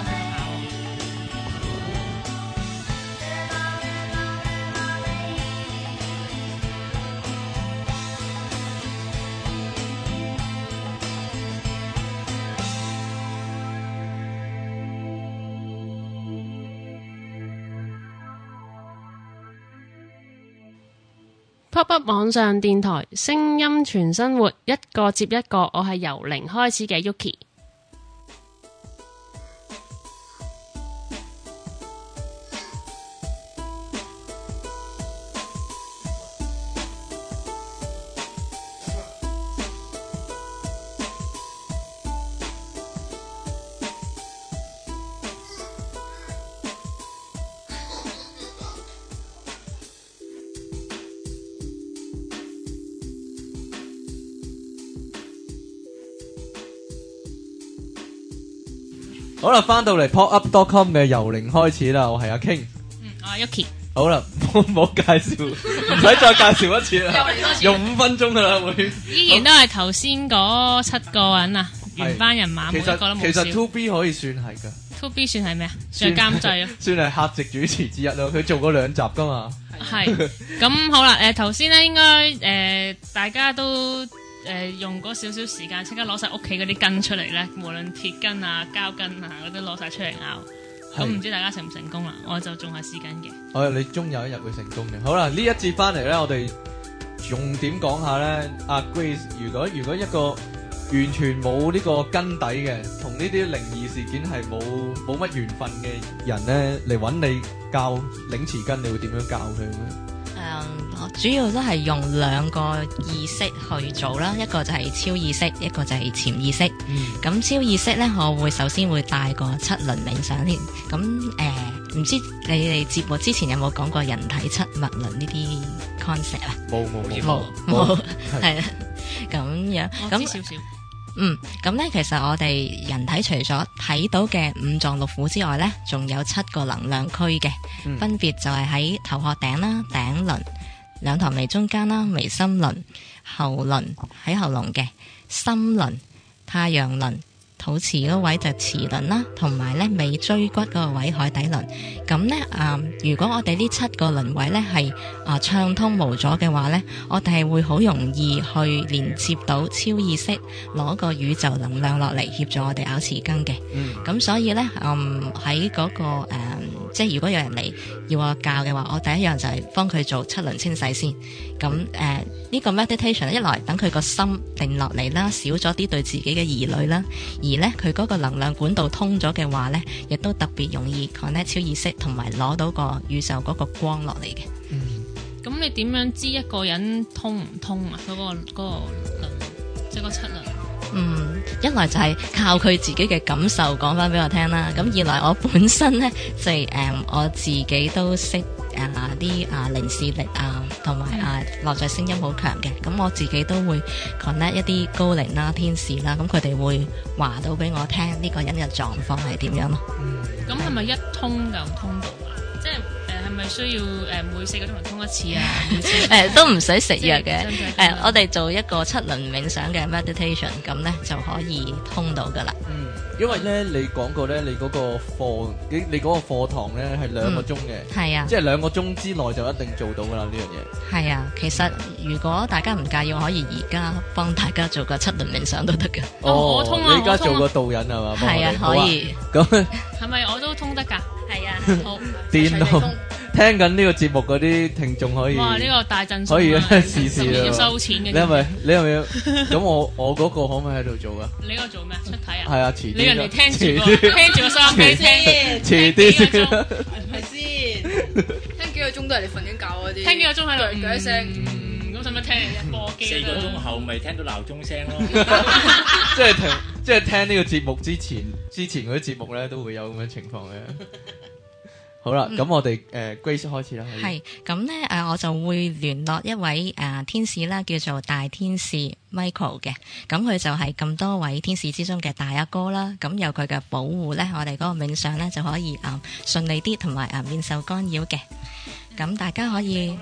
PopUp 網上電台，聲音全生活，一個接一個，我係由零開始嘅 Yuki。好啦，翻到嚟 pop up.com 嘅由零開始啦，我係阿 King、嗯、我係阿 Yuki，好啦，唔好介紹，唔使 再介紹一次啦， 用五分鐘噶啦，會，依然都係頭先嗰七個人啊，是原班人馬其，其實 two B 可以算係噶，two B 算係咩啊？算監製咯， 算係客席主持之一咯，佢做過兩集噶嘛，係的，咁 好啦，誒頭先咧應該誒、呃、大家都。誒、呃，用嗰少少時間，即刻攞晒屋企嗰啲羹出嚟咧，無論鐵羹啊、膠羹啊嗰啲，攞晒出嚟拗，咁唔的知大家成唔成功啦？我就仲下試緊嘅。我、哦、你終有一日會成功嘅。好啦，呢一節翻嚟咧，我哋重點講下咧。阿、啊、Grace，如果如果一個完全冇呢個根底嘅，同呢啲靈異事件係冇冇乜緣分嘅人咧，嚟揾你教領匙羹，你會點樣教佢咧？誒，um，主要都係用兩個意識去做啦，嗯、一個就係超意識，一個就係潛意識。咁、嗯、超意識咧，我會首先會帶個七輪冥想添。咁誒，唔、呃、知你哋節目之前有冇講過人體七脈輪呢啲 concept 啊？冇冇冇冇冇，係啊，咁樣咁。嗯，咁咧，其實我哋人體除咗睇到嘅五臟六腑之外咧，仲有七個能量區嘅，嗯、分別就係喺頭殼頂啦、頂輪、兩頭眉中間啦、眉心輪、喉輪喺喉嚨嘅、心輪、太陽輪。肚臍嗰位就臍輪啦，同埋咧，尾椎骨嗰個位海底輪。咁咧，嗯，如果我哋呢七個輪位咧係啊暢通無阻嘅話咧，我哋係會好容易去連接到超意識，攞個宇宙能量落嚟協助我哋咬匙羹嘅。咁、嗯、所以咧，嗯，喺嗰、那個誒、呃，即係如果有人嚟要我教嘅話，我第一樣就係幫佢做七輪清洗先。咁誒，呢、呃這個 meditation 一來等佢個心定落嚟啦，少咗啲對自己嘅疑慮啦，而而咧，佢嗰個能量管道通咗嘅話咧，亦都特別容易 connect 超意識，同埋攞到個宇宙嗰個光落嚟嘅。嗯，咁你點樣知一個人通唔通啊？嗰、嗰個嗰、嗰個輪，即係嗰七輪。嗯，一來就係靠佢自己嘅感受講翻俾我聽啦。咁、嗯、二來，我本身咧就係誒、嗯，我自己都識。啊啲啊靈視力啊，同埋啊落在、啊啊嗯、聲音好強嘅，咁我自己都會 connect 一啲高靈啦、啊、天使啦、啊，咁佢哋會話到俾我聽呢個人嘅狀況係點樣咯。咁係咪一通就通到啊？即係誒係咪需要誒、呃、每四個鐘頭通一次啊？誒 都唔使 食藥嘅。誒、 呃、我哋做一個七輪冥想嘅 meditation，咁咧就可以通到噶啦。嗯因為咧，你講過咧，你嗰個課，你你嗰個課堂咧係兩個鐘嘅，係啊，即係兩個鐘之內就一定做到噶啦呢樣嘢。係啊，其實如果大家唔介意，我可以而家幫大家做個七輪冥想都得噶。哦，我通啊，你而家做個導引係嘛？係啊，可以。咁係咪我都通得噶？係啊，好。電通。聽緊呢個節目嗰啲聽眾可以，哇呢個大陣勢，可以啊時時啊收錢嘅，你係咪你係咪，咁我我嗰個可唔可以喺度做啊？你嗰個做咩？出體啊？係啊，遲啲啊，遲啲。聽住個收音機聽先，遲啲一個鐘係咪先？聽幾個鐘都係你瞓緊覺嗰啲，聽幾個鐘喺度嚟，鋸一聲，咁使唔使聽嘅？播機四個鐘後咪聽到鬧鐘聲咯，即係聽即係聽呢個節目之前，之前嗰啲節目咧都會有咁樣情況嘅。好啦，咁、嗯、我哋誒、呃、Grace 開始啦。係咁呢，誒我就會聯絡一位誒、呃、天使啦，叫做大天使 Michael 嘅。咁佢就係咁多位天使之中嘅大阿哥啦。咁有佢嘅保護呢，我哋嗰個冥想呢就可以誒順利啲，同埋誒免受干擾嘅。咁大家可以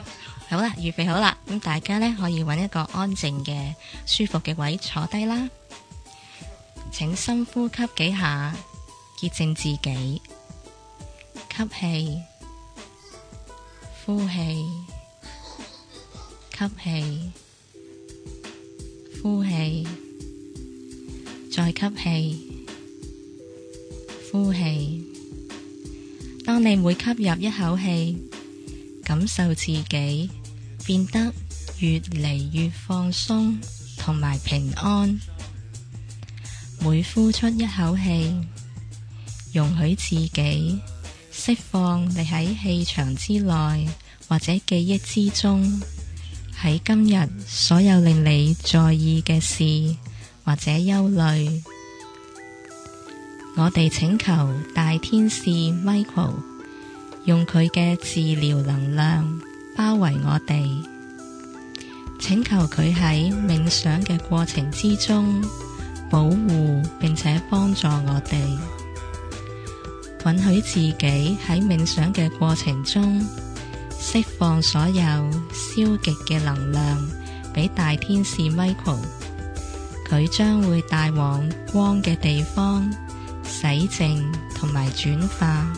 好吧，好啦，預備好啦。咁大家呢，可以揾一個安靜嘅、舒服嘅位坐低啦。請深呼吸幾下，潔淨自己。吸氣，呼氣，吸氣，呼氣，再吸氣，呼氣。當你每吸入一口氣，感受自己變得越嚟越放鬆同埋平安。每呼出一口氣，容許自己。釋放你喺氣場之內或者記憶之中喺今日所有令你在意嘅事或者憂慮，我哋請求大天使 Michael 用佢嘅治療能量包圍我哋，請求佢喺冥想嘅過程之中保護並且幫助我哋。允許自己喺冥想嘅過程中釋放所有消極嘅能量，俾大天使 Michael，佢將會帶往光嘅地方，洗淨同埋轉化。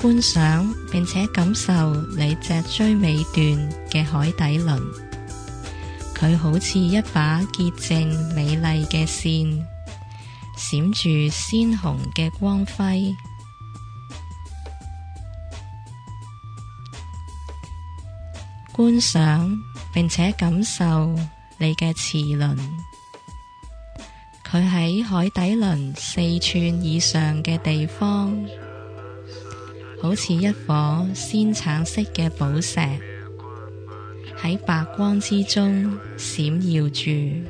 觀賞並且感受你脊椎尾段嘅海底輪，佢好似一把潔淨美麗嘅線。閃住鮮紅嘅光輝，觀賞並且感受你嘅臍輪，佢喺海底輪四吋以上嘅地方，好似一顆鮮橙色嘅寶石，喺白光之中閃耀住。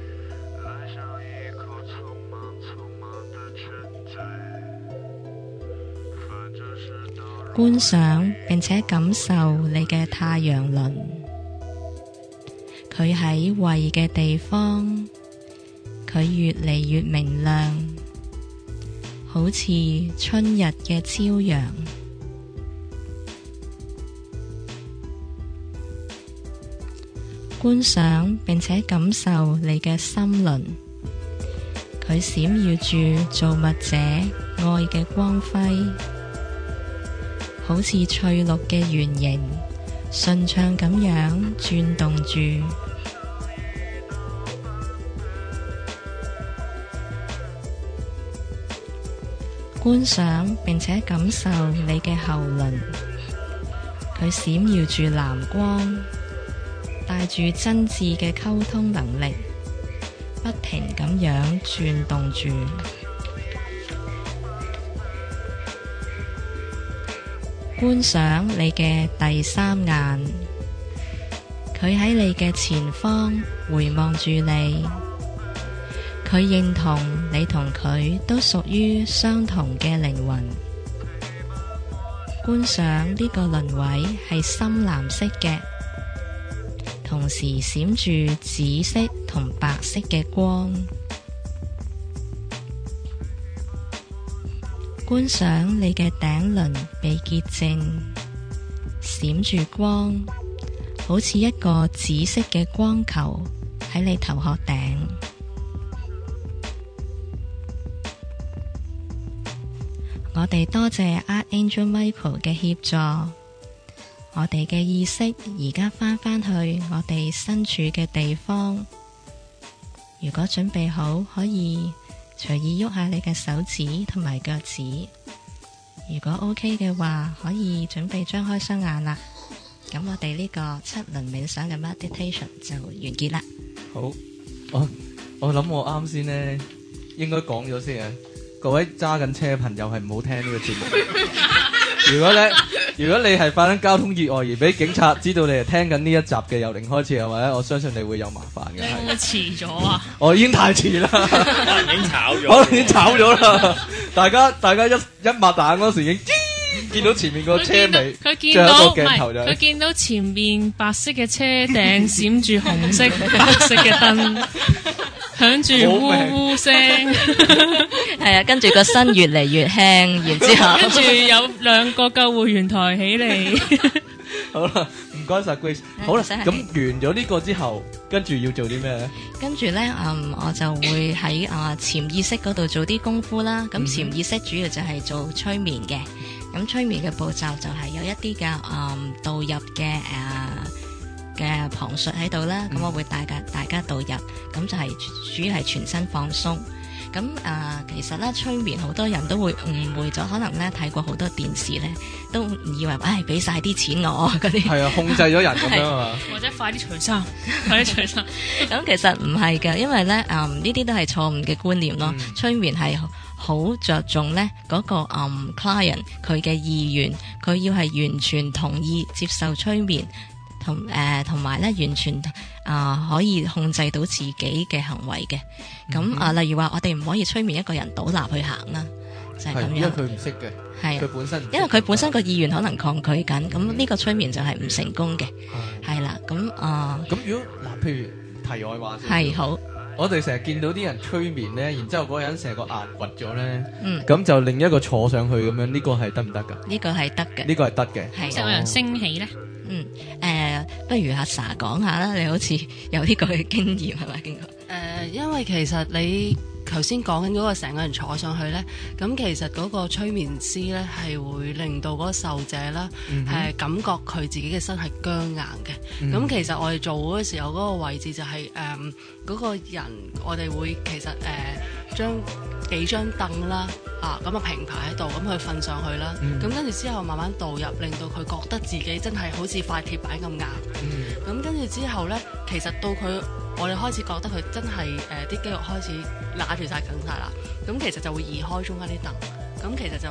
觀賞並且感受你嘅太陽輪，佢喺胃嘅地方，佢越嚟越明亮，好似春日嘅朝陽。觀賞並且感受你嘅心輪，佢閃耀住造物者愛嘅光輝。好似翠綠嘅圓形，順暢咁樣轉動住， 觀想並且感受你嘅喉輪，佢閃耀住藍光，帶住真摯嘅溝通能力，不停咁樣轉動住。觀想你嘅第三眼，佢喺你嘅前方回望住你，佢認同你同佢都屬於相同嘅靈魂。觀想呢個輪位係深藍色嘅，同時閃住紫色同白色嘅光。觀賞你嘅頂輪被潔淨，閃住光，好似一個紫色嘅光球喺你頭殼頂。 我哋多謝、Archangel Michael 嘅協助，我哋嘅意識而家翻返去我哋身處嘅地方。如果準備好，可以。隨意喐下你嘅手指同埋腳趾，如果 OK 嘅話，可以準備張開雙眼啦。咁我哋呢個七輪冥想嘅 meditation 就完結啦。好，我我諗我啱先呢應該講咗先啊，各位揸緊車嘅朋友係唔好聽呢個節目。 如果你如果你係發生交通意外而俾警察知道你係聽緊呢一集嘅由零開始，係咪咧？我相信你會有麻煩嘅。點解遲咗啊？我已經太遲啦， 已經炒咗，可能已經炒咗啦。大家大家一一擘大眼嗰時已經，見到前面個車尾，佢見到唔係，佢見、就係，見到前面白色嘅車頂閃住紅色 白色嘅燈。 響住嗚嗚聲，係啊，跟住個身越嚟越輕，然之後跟住有兩個救護員抬起嚟，好啦，唔該晒 Grace，好啦，咁完咗呢個之後，跟住要做啲咩咧？跟住咧，嗯，我就會喺啊潛意識嗰度做啲功夫啦。咁潛意識主要就係做催眠嘅，咁催眠嘅步驟就係有一啲嘅啊導入嘅誒。嘅旁述喺度啦，咁、嗯、我會帶大，大家導入，咁就係、是、主要係全身放鬆。咁啊、呃，其實咧催眠好多人都會誤會咗，可能咧睇過好多電視咧，都以為唉俾晒啲錢我嗰啲，係啊、嗯、控制咗人咁樣 或者快啲除衫，快啲除衫。咁其實唔係嘅，因為咧啊呢啲、呃、都係錯誤嘅觀念咯、哦。嗯、催眠係好着重咧嗰、那個啊 client 佢嘅意願，佢、嗯、要係完全同意接受催眠。同誒同埋咧，完全啊可以控制到自己嘅行為嘅。咁啊，例如話我哋唔可以催眠一個人倒立去行啦，就係咁樣。因為佢唔識嘅，係佢本身。因為佢本身個意願可能抗拒緊，咁呢個催眠就係唔成功嘅。係啦，咁啊，咁如果嗱，譬如題外話先，係好。我哋成日見到啲人催眠咧，然之後嗰人成個牙屈咗咧，咁就另一個坐上去咁樣，呢個係得唔得㗎？呢個係得嘅，呢個係得嘅。其實我升起咧。嗯，誒、呃，不如阿 Sa 講下啦，你好似有啲嘅經驗係咪經過？誒、呃，因為其實你。頭先講緊嗰個成個人坐上去呢，咁其實嗰個催眠師呢係會令到嗰個受者啦，係、mm hmm. 呃、感覺佢自己嘅身係僵硬嘅。咁、mm hmm. 其實我哋做嗰時候嗰、嗰個位置就係誒嗰個人，我哋會其實誒將、呃、幾張凳啦啊咁啊平排喺度，咁去瞓上去啦。咁跟住之後慢慢導入，令到佢覺得自己真係好似塊鐵板咁硬。咁跟住之後呢，其實到佢。我哋開始覺得佢真係誒啲肌肉開始拿住晒梗晒啦，咁其實就會移開中間啲凳。咁其實就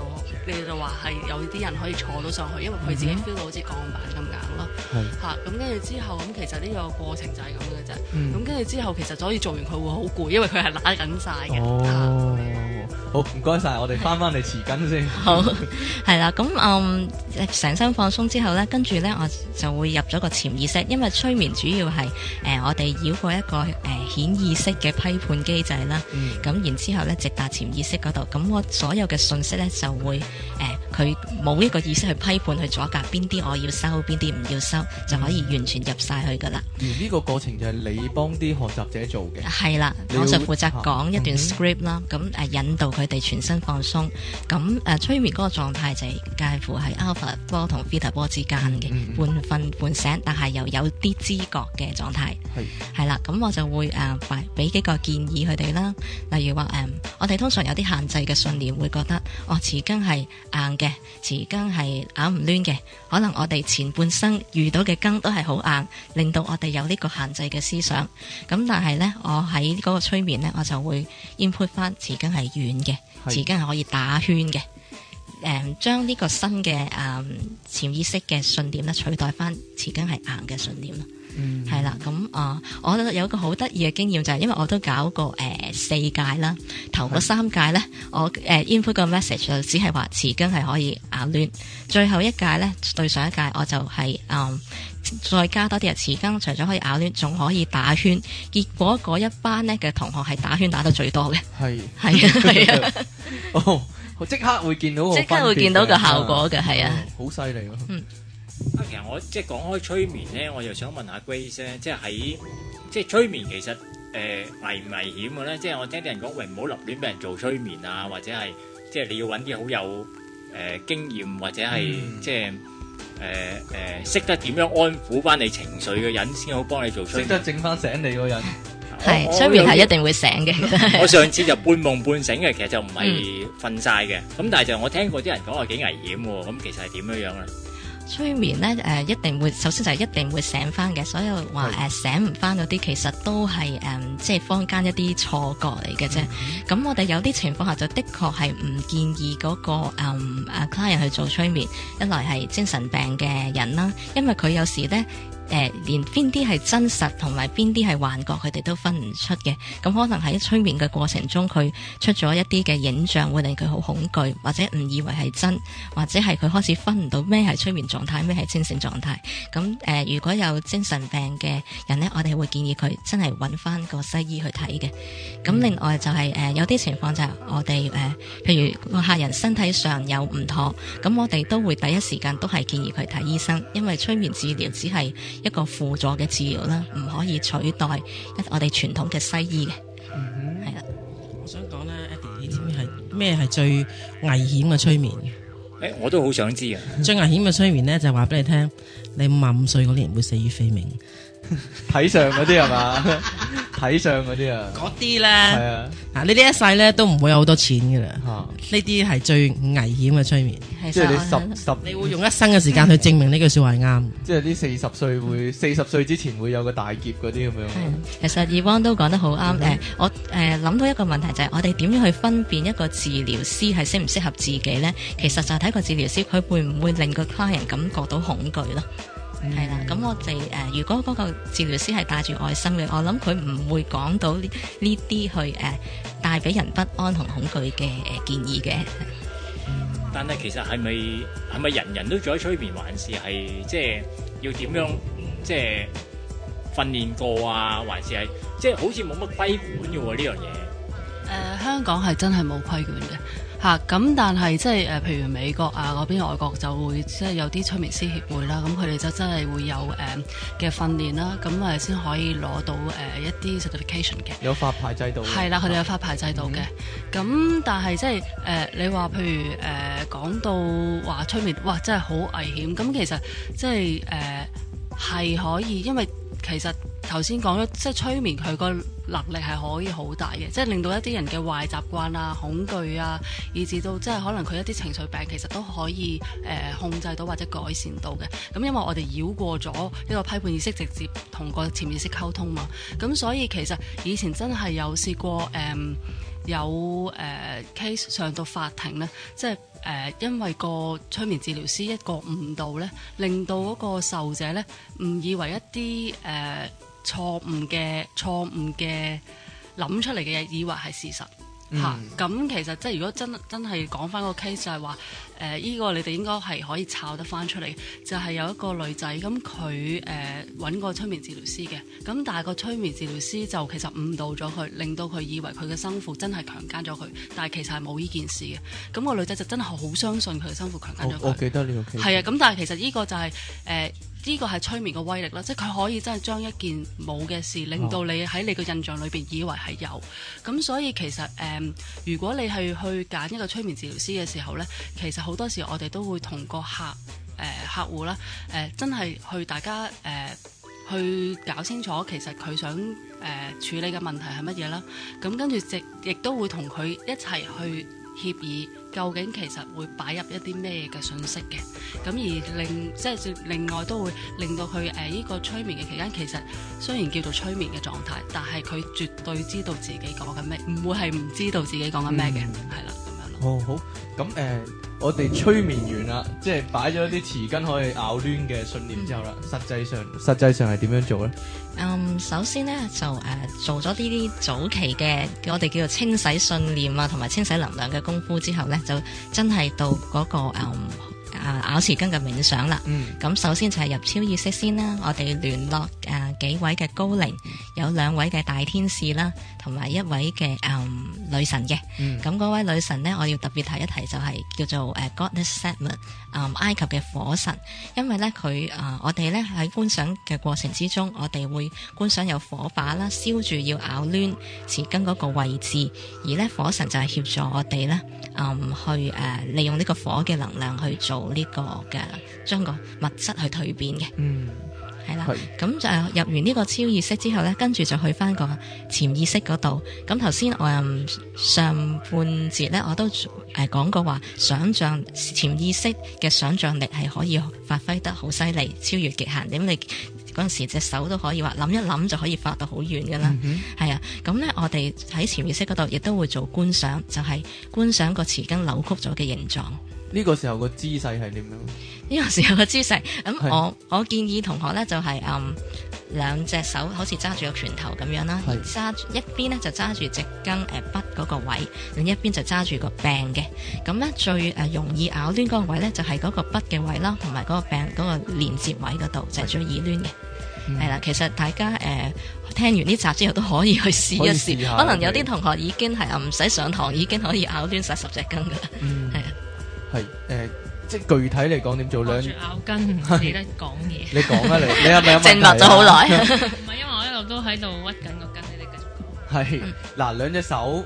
你哋就話係有啲人可以坐到上去，因為佢自己 feel 到好似鋼板咁硬囉。係、嗯哼。咁跟住之後，咁其實呢個過程就係咁嘅啫。咁跟住之後，其實可、嗯、以做完佢會好攰，因為佢係拉緊晒嘅。哦啊、好，唔該晒，我哋翻返嚟遲緊先。 好。係 啦， 咁嗯，成身放鬆之後咧，跟住咧，我就會入咗個潛意識，因為催眠主要係誒、呃、我哋繞過一個誒、呃、顯意識嘅批判機制啦。嗯。咁然之後咧，直達潛意識嗰度，咁我所有嘅信。咧就會誒。So 佢冇呢個意識去批判、去阻隔邊啲我要收、邊啲唔要收，嗯、就可以完全入晒去噶啦。而呢個過程就係你幫啲學習者做嘅。係啦的，要我就負責講一段 script、嗯、啦。咁誒引導佢哋全身放鬆。咁、嗯、誒、嗯、催眠嗰個狀態就係介乎係 alpha 波同 beta 波之間嘅、嗯、半瞓半醒，但係又有啲知覺嘅狀態。係。係啦，咁我就會誒俾、啊、幾個建議佢哋啦。例如話誒、啊，我哋通常有啲限制嘅信念，會覺得我匙羹係硬。嘅匙羹係硬唔攣嘅，可能我哋前半生遇到嘅羹都係好硬，令到我哋有呢個限制嘅思想。咁但係呢，我喺嗰個催眠呢，我就會 input 翻匙羹係軟嘅，匙是羹係可以打圈嘅。誒、嗯，將呢個新嘅誒、呃、潛意識嘅信念呢取代翻匙羹係硬嘅信念。嗯，係啦，咁啊、呃，我有一個好得意嘅經驗就係，因為我都搞過誒、呃、四屆啦，頭嗰三屆呢，我誒 input 個 message 就只係話匙羹係可以咬亂，最後一屆呢，對上一屆我就係、是呃、再加多啲嘅匙羹，除咗可以咬亂，仲可以打圈。結果嗰一班呢嘅同學係打圈打得最多嘅，係係是啊，係 啊，即刻會見到，即刻會見到個效果嘅，係啊，好犀利咯，啊。啊，其實我即係講開催眠咧，我又想問下 Grace 咧，即係喺即係催眠其實誒危唔危險嘅咧？即係我聽啲人講，喂，唔好立亂俾人做催眠啊，或者係即係你要揾啲好有誒經驗或者係即係誒誒識得點樣安撫翻你情緒嘅人先好幫你做催眠。識得整翻醒你個人，係催眠係一定會醒嘅。我上次就半夢半醒嘅，其實就唔係瞓晒嘅。咁但係就我聽過啲人講話幾危險喎。咁其實係點樣樣咧？催眠咧，誒一定會，首先就係一定會醒翻嘅。所有話誒醒唔翻嗰啲，其實都係誒、嗯、即係坊間一啲錯覺嚟嘅啫。咁、嗯嗯、我哋有啲情況下就的確係唔建議嗰、嗰個誒、嗯啊、client 去做催眠，一來係精神病嘅人啦，因為佢有時咧。誒，連邊啲係真實同埋邊啲係幻覺，佢哋都分唔出嘅。咁可能喺催眠嘅過程中，佢出咗一啲嘅影像，會令佢好恐懼，或者誤以為係真，或者係佢開始分唔到咩係催眠狀態，咩係清醒狀態。咁誒、呃，如果有精神病嘅人呢，我哋會建議佢真係搵返個西醫去睇嘅。咁另外就係、是、誒、呃，有啲情況就係我哋誒、呃，譬如個客人身體上有唔妥，咁我哋都會第一時間都係建議佢睇醫生，因為催眠治療只係。一個輔助嘅治療啦，唔可以取代一我哋傳統嘅西醫嘅，係啦、嗯哼。的我想講咧，Eddie，你知唔知係咩係最危險嘅催眠？誒、欸，我都好想知啊！嗯、哼最危險嘅催眠咧，就係話俾你聽，你五十五歲嗰年會死於非命。睇 相嗰啲係嘛？睇 相嗰的啲啊，嗰啲咧，嗱，呢一世咧都唔會有好多錢噶啦，吓、啊，呢啲係最危險嘅催眠。即係你十、啊、十，你會用一生嘅時間去證明呢句說話係啱。即係啲四十歲會，四十歲之前會有個大劫嗰啲咁樣。其實二汪都講得好啱。誒、嗯，uh, 我誒諗、uh, 到一個問題就係，我哋點樣去分辨一個治療師係適唔適合自己咧？其實就睇個治療師，佢會唔會令個客人感覺到恐懼咯？係啦，咁我哋誒，如果嗰個治療師係帶住愛心嘅，我諗佢唔會講到呢呢啲去誒，帶俾人不安同恐懼嘅誒建議嘅。嗯、但係其實係咪係咪人人都做催眠，還是係即係要點樣即係、即係、訓練過啊？還是係即係好似冇乜規管嘅喎呢樣嘢？誒、呢個呃，香港係真係冇規管嘅。嚇咁，但係即係誒，譬如美國啊嗰邊外國就會即係有啲催眠師協會啦，咁佢哋就真係會有誒嘅、呃、訓練啦，咁誒先可以攞到誒一啲 certification 嘅。有發牌制度。係啦，佢哋有發牌制度嘅。咁、嗯、但係即係誒、呃，你話譬如誒、呃、講到話催眠，哇，真係好危險。咁其實即係誒係可以，因為。其實頭先講咗，即係催眠佢個能力係可以好大嘅，即係令到一啲人嘅壞習慣啊、恐懼啊，以至到即係可能佢一啲情緒病，其實都可以誒、呃、控制到或者改善到嘅。咁、嗯、因為我哋繞過咗呢個批判意識，直接同個潛意識溝通嘛。咁、嗯、所以其實以前真係有試過誒。嗯有誒、呃、case 上到法庭呢，即係誒、呃、因為個催眠治療師一個誤導呢，令到嗰個受者呢誤以為一啲誒、呃、錯誤嘅錯誤嘅諗出嚟嘅嘢，以為係事實嚇。咁、嗯啊、其實即係如果真真係講返個 case 就係話。誒，依、呃這個你哋應該係可以抄得返出嚟，就係、是、有一個女仔，咁佢誒揾個催眠治療師嘅，咁但係個催眠治療師就其實誤導咗佢，令到佢以為佢嘅生父真係強姦咗佢，但係其實係冇呢件事嘅。咁、嗯、個女仔就真係好相信佢嘅生父強姦咗佢。我記得呢個。係啊，咁但係其實呢個就係、是、誒，依、呃這個係催眠嘅威力啦，即係佢可以真係將一件冇嘅事，令到你喺你個印象裏邊以為係有。咁、哦嗯、所以其實誒、呃，如果你係去揀一個催眠治療師嘅時候咧，其實好好多時我哋都會同個客誒、呃、客戶啦誒真係去大家誒、呃、去搞清楚，其實佢想誒、呃、處理嘅問題係乜嘢啦。咁跟住亦亦都會同佢一齊去協議，究竟其實會擺入一啲咩嘅信息嘅。咁而另即係另外都會令到佢誒呢個催眠嘅期間，其實雖然叫做催眠嘅狀態，但係佢絕對知道自己講緊咩，唔會係唔知道自己講緊咩嘅。係啦、嗯。哦好，咁誒、呃，我哋催眠完啦，嗯、即係擺咗啲匙羹可以咬攣嘅信念之後啦，實際上實際上係點樣做咧？嗯，首先咧就誒、呃、做咗呢啲早期嘅我哋叫做清洗信念啊，同埋清洗能量嘅功夫之後咧，就真係到嗰、嗰個、嗯啊！咬匙羹嘅冥想啦，咁、嗯、首先就係入超意識先啦。我哋聯絡誒、啊、幾位嘅高靈，嗯、有兩位嘅大天使啦，同埋一位嘅誒、嗯、女神嘅。咁、嗯啊、位女神咧，我要特別提一提，就係叫做誒、啊、Goddess Setman，誒、啊、埃及嘅火神。因為咧佢誒我哋咧喺觀賞嘅過程之中，我哋會觀賞有火把啦，燒住要咬攣匙羹個位置，而咧火神就係協助我哋咧誒去誒、啊、利用呢個火嘅能量去做。呢個嘅將個物質去蛻變嘅，嗯，係啦，咁 就入完呢個超意識之後呢，跟住就去翻個潛意識嗰度。咁頭先我上半節呢，我都誒講過話，想象潛意識嘅想象力係可以發揮得好犀利，超越極限。咁你嗰陣時隻手都可以畫，諗一諗就可以發到好遠噶啦。係、嗯、哼啊，咁呢，我哋喺潛意識嗰度亦都會做觀想，就係、是、觀想個匙羹扭曲咗嘅形狀。呢個時候個姿勢係點樣？呢個時候個姿勢，咁、嗯、是我我建議同學呢就係、是，嗯，兩隻手好似揸住個拳頭咁樣啦，揸是一邊呢就揸住隻羹誒筆嗰個位，另一邊就揸住個柄嘅。咁、嗯、呢，最容易拗攣嗰個位呢，就係、是、嗰個筆嘅位啦，同埋嗰個柄，嗰、那個連接位嗰度就是、最易攣嘅。係啦、嗯，其實大家誒、呃、聽完呢集之後都可以去試一試。可,試一可能有啲同學已經係唔使上堂已經可以拗攣晒十隻羹噶啦，係、嗯 係，誒，即係具體嚟講點做兩？咬根，唔得講嘢。你講啊，你你係咪有靜默咗好耐？唔係，因為我一路都喺度屈緊個筋，你哋繼續講。係，嗱，兩隻手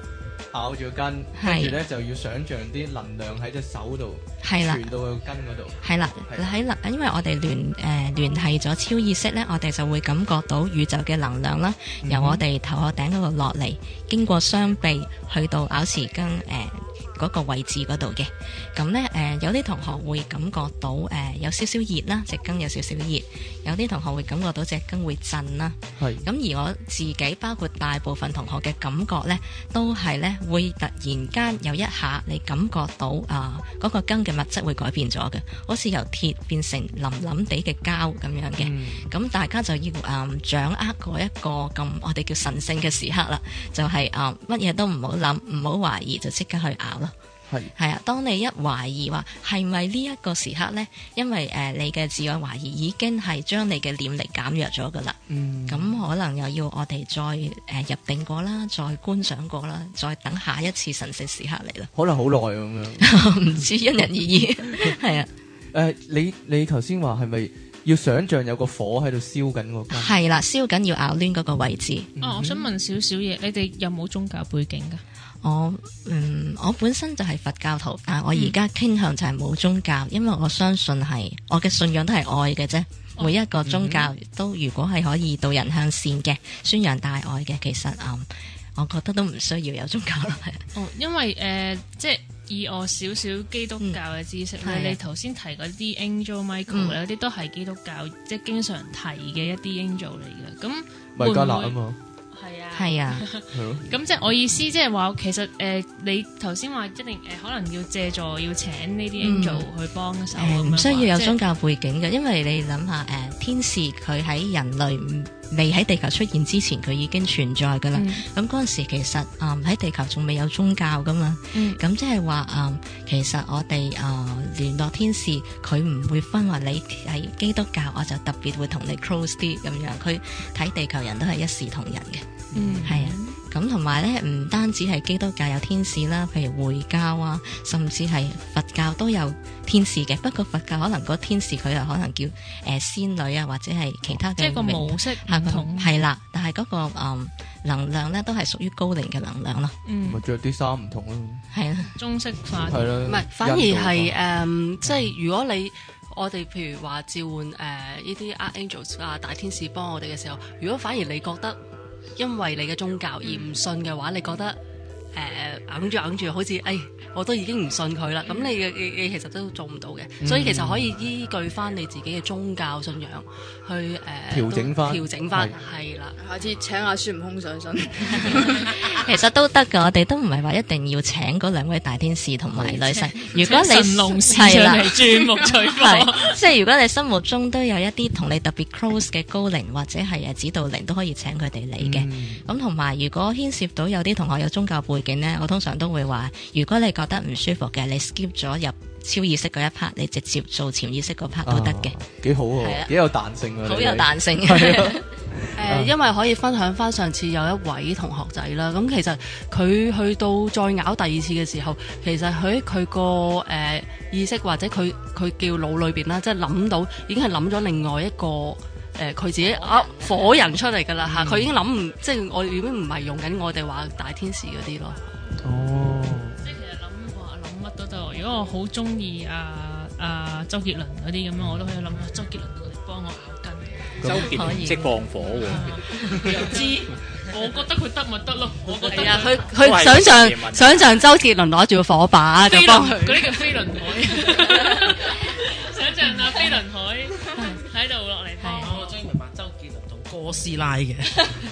咬住個根，跟住咧就要想像啲能量喺隻手度，係傳到個根嗰度。係啦，喺因為我哋聯誒聯繫咗超意識咧，我哋就會感覺到宇宙嘅能量啦，由我哋頭殼頂嗰度落嚟，經過雙臂去到咬匙羹誒。嗰個位置嗰度嘅，咁呢，誒、呃、有啲同學會感覺到誒、呃、有少少熱啦，匙羹有少少熱。有啲同學會感覺到隻羹會震啦、啊，咁是而我自己包括大部分同學嘅感覺呢，都係呢會突然間有一下你感覺到啊嗰、呃那個羹嘅物質會改變咗嘅，好似由鐵變成腍腍地嘅膠咁樣嘅。咁、嗯、大家就要啊、呃、掌握嗰一個咁我哋叫神聖嘅時刻啦，就係啊乜嘢都唔好諗，唔好懷疑，就即刻去咬咯。係係啊！是當你一懷疑話係咪呢一個時刻咧，因為誒、呃、你嘅自我懷疑已經係將你嘅念力減弱咗噶啦，咁、嗯、可能又要我哋再誒、呃、入定過啦，再觀賞過啦，再等下一次神聖時刻嚟啦，可能好耐咁樣，唔 知道 因人而異，係 啊。誒、呃，你你頭先話係咪要想象有個火喺度燒緊嗰羹？係啦，燒緊要拗攣嗰個位置。哦，我想問少少嘢，你哋有冇宗教背景噶？我嗯，我本身就係佛教徒，但我而家傾向就係冇宗教，因為我相信係我嘅信仰都係愛嘅啫。哦，每一個宗教都如果係可以導人向善嘅，宣揚大愛嘅，其實啊、嗯，我覺得都唔需要有宗教咯。哦， 因為誒、呃，即係以我少少基督教嘅知識咧，嗯、你頭先提嗰啲 Angel Michael 咧、嗯，啲都係基督教即係經常提嘅一啲 angel 嚟嘅，咁米迦勒啊嘛。係啊，係啊，咁 即係我意思，即係話，其實誒、呃，你頭先話一定誒、呃，可能要借助要請呢啲 angel 去幫手，唔、嗯呃、需要有宗教背景嘅，是因為你諗下誒，天使佢喺人類唔，未喺地球出現之前，佢已經存在噶啦。咁嗰陣時其實，嗯喺地球仲未有宗教噶嘛。咁即係話，hmm. 嗯其實我哋啊、呃、聯絡天使佢唔會分話你喺基督教，我就特別會同你 close 啲咁樣。佢睇地球人都係一視同仁嘅，係、mm hmm. 啊。咁同埋咧，唔、嗯、單止係基督教有天使啦，譬如回教啊，甚至係佛教都有天使嘅。不過佛教可能個天使佢又可能叫誒、呃、仙女啊，或者係其他嘅。即係個模式係唔同，係啦、嗯。嗯、但係嗰、那個、呃、能量咧，都係屬於高靈嘅能量咯。嗯，咪着啲衫唔同咯。係啊，啊中式化。係 啦，唔係是反而係誒，即、um, 係、嗯、如果你我哋譬如話召喚誒呢、呃、啲 archangel 啊大天使幫我哋嘅時候，如果反而你覺得。因為你嘅宗教而唔信嘅話，你覺得？誒揞住揞住，好似誒我都已經唔信佢啦。咁你你你其實都做唔到嘅，所以其實可以依據翻你自己嘅宗教信仰去誒調整翻，調整翻係啦。下次請阿孫悟空上身，其實都得噶，我哋都唔係話一定要請嗰兩位大天使同埋女神。如果你唔龍世啦，轉目取光，即係如果你心目中都有一啲同你特別 close 嘅高靈或者係誒指導靈都可以請佢哋嚟嘅。咁同埋如果牽涉到有啲同學有宗教背景。嘅咧，我通常都會話，如果你覺得唔舒服嘅，你 skip 咗入超意識嗰一 part，你直接做潛意識嗰 part 都得嘅，幾、啊、好喎、啊，幾、啊、有彈性啊！好有彈性嘅誒，因為可以分享翻上次有一位同學仔啦。咁其實佢去到再咬第二次嘅時候，其實佢佢個誒意識或者佢佢叫腦裏邊啦，即係諗到已經係諗咗另外一個。誒佢自己啊火人出嚟㗎啦，嚇，佢已經諗唔，即係我已經唔係用緊我哋話大天使嗰啲咯。哦，即係其實諗話諗乜都得。如果我好中意阿阿周杰倫嗰啲咁樣，我都可以諗下周杰倫嚟幫我咬根。周杰可以釋放火喎。知，我覺得佢得咪得咯。我覺得。係啊，佢佢想象想象周杰倫攞住個火把就幫佢。嗰啲叫飛輪海。哥師奶嘅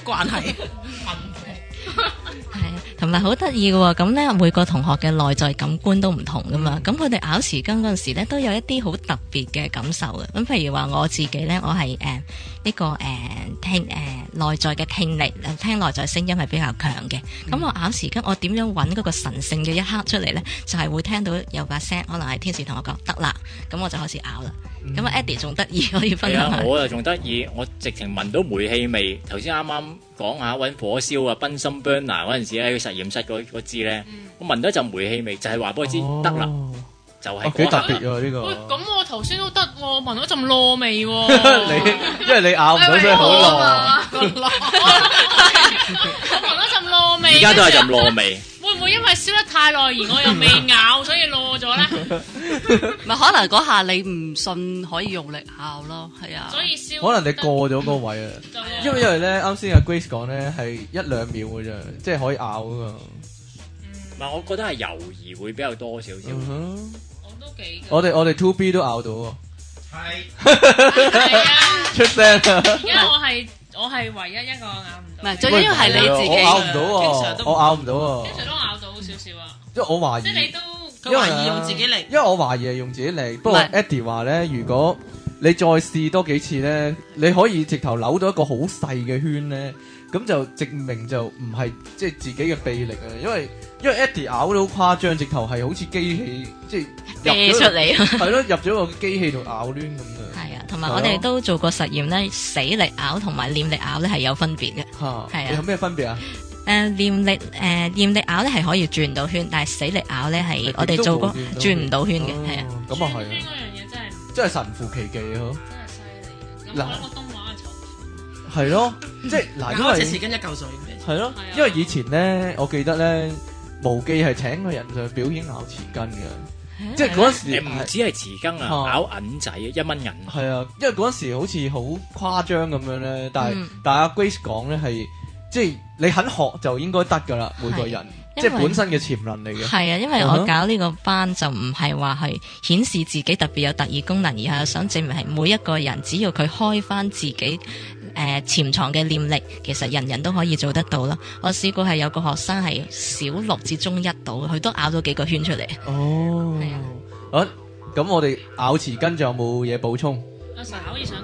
關係，係啊，同埋好得意嘅。咁呢，每個同學嘅內在感官都唔同噶嘛，咁佢哋拗匙羹嗰陣時呢都有一啲好特別嘅感受嘅，咁譬如話我自己呢，我係誒。Uh, 呢、這個誒、呃、聽誒內、呃、在嘅聽力，聽內在聲音係比較強嘅。咁、嗯、我咬匙羹，跟我點樣揾嗰個神聖嘅一刻出嚟咧？就係、是、會聽到有把聲，可能係天使同我講得啦，咁我就開始咬啦。咁阿 Eddie 仲得意，可以分享下。我又仲得意，我直情聞到煤氣味。頭先啱啱講下揾火燒啊，Bunsen burner 嗰陣時咧，喺實驗室嗰支咧，嗯、我聞到一陣煤氣味，就係話俾我知得啦。幾特別喎呢個！咁我頭先都得，聞到陣燶味。你因為你咬唔到所以好囉。我聞到陣燶味。而家都係陣燶味。會唔會因為燒得太耐而我又未咬，所以燶咗咧？咪，可能嗰下你唔信可以用力咬咯，係啊。所以燒。可能你過咗個位啊？因為因為咧，啱先阿 Grace 講咧，係一兩秒嘅啫，即係可以咬噶。唔係，我覺得係猶豫會比較多少少。我哋我哋 two B 都咬到喎，係，係啊，出聲啊，因為我係我係唯一一個咬唔到，唔係，最主要係你自己咬唔到喎，我咬唔到喎，經常都咬到少少啊，即係我懷疑，即係你都，因為用自己力，因為我懷疑係用自己力，不過 Eddie 話咧，如果你再試多幾次咧，你可以直頭扭到一個好細嘅圈咧。咁就證明就唔係即係自己嘅臂力啊，因為因為 Eddie 拗得好誇張，直頭係好似機器即係，機出嚟啊，係咯，入咗個機器度拗攣咁樣啊，係啊，同埋我哋都做過實驗咧，死力拗同埋念力拗咧係有分別嘅，係啊，有咩分別啊？誒念力誒念力拗咧係可以轉到圈，但係死力拗咧係我哋做過轉唔到圈嘅，係啊，咁啊係啊，嗰樣嘢真係真係神乎其技啊，真係犀利啊！嗱。係咯，即係嗱、嗯，因為咬隻匙羹一嚿水。係咯的，的因為以前咧，我記得咧，無記係請個人去表演咬匙羹嘅，的即係嗰時唔止係匙羹啊，啊咬銀仔，一蚊銀。係啊，因為嗰時好似好誇張咁樣咧，但係、嗯、但係阿 Grace 講咧係，即係你肯學就應該得噶啦，每個人，即係本身嘅潛能嚟嘅。係啊，因為我搞呢個班就唔係話係顯示自己特別有特異功能，而係想證明係每一個人只要佢開翻自己。誒、潛、呃、藏嘅念力其實人人都可以做得到咯。我試過係有個學生係小六至中一到，佢都咬咗幾個圈出嚟。哦，係的啊。咁，我哋咬匙羹跟住有冇嘢補充？誒、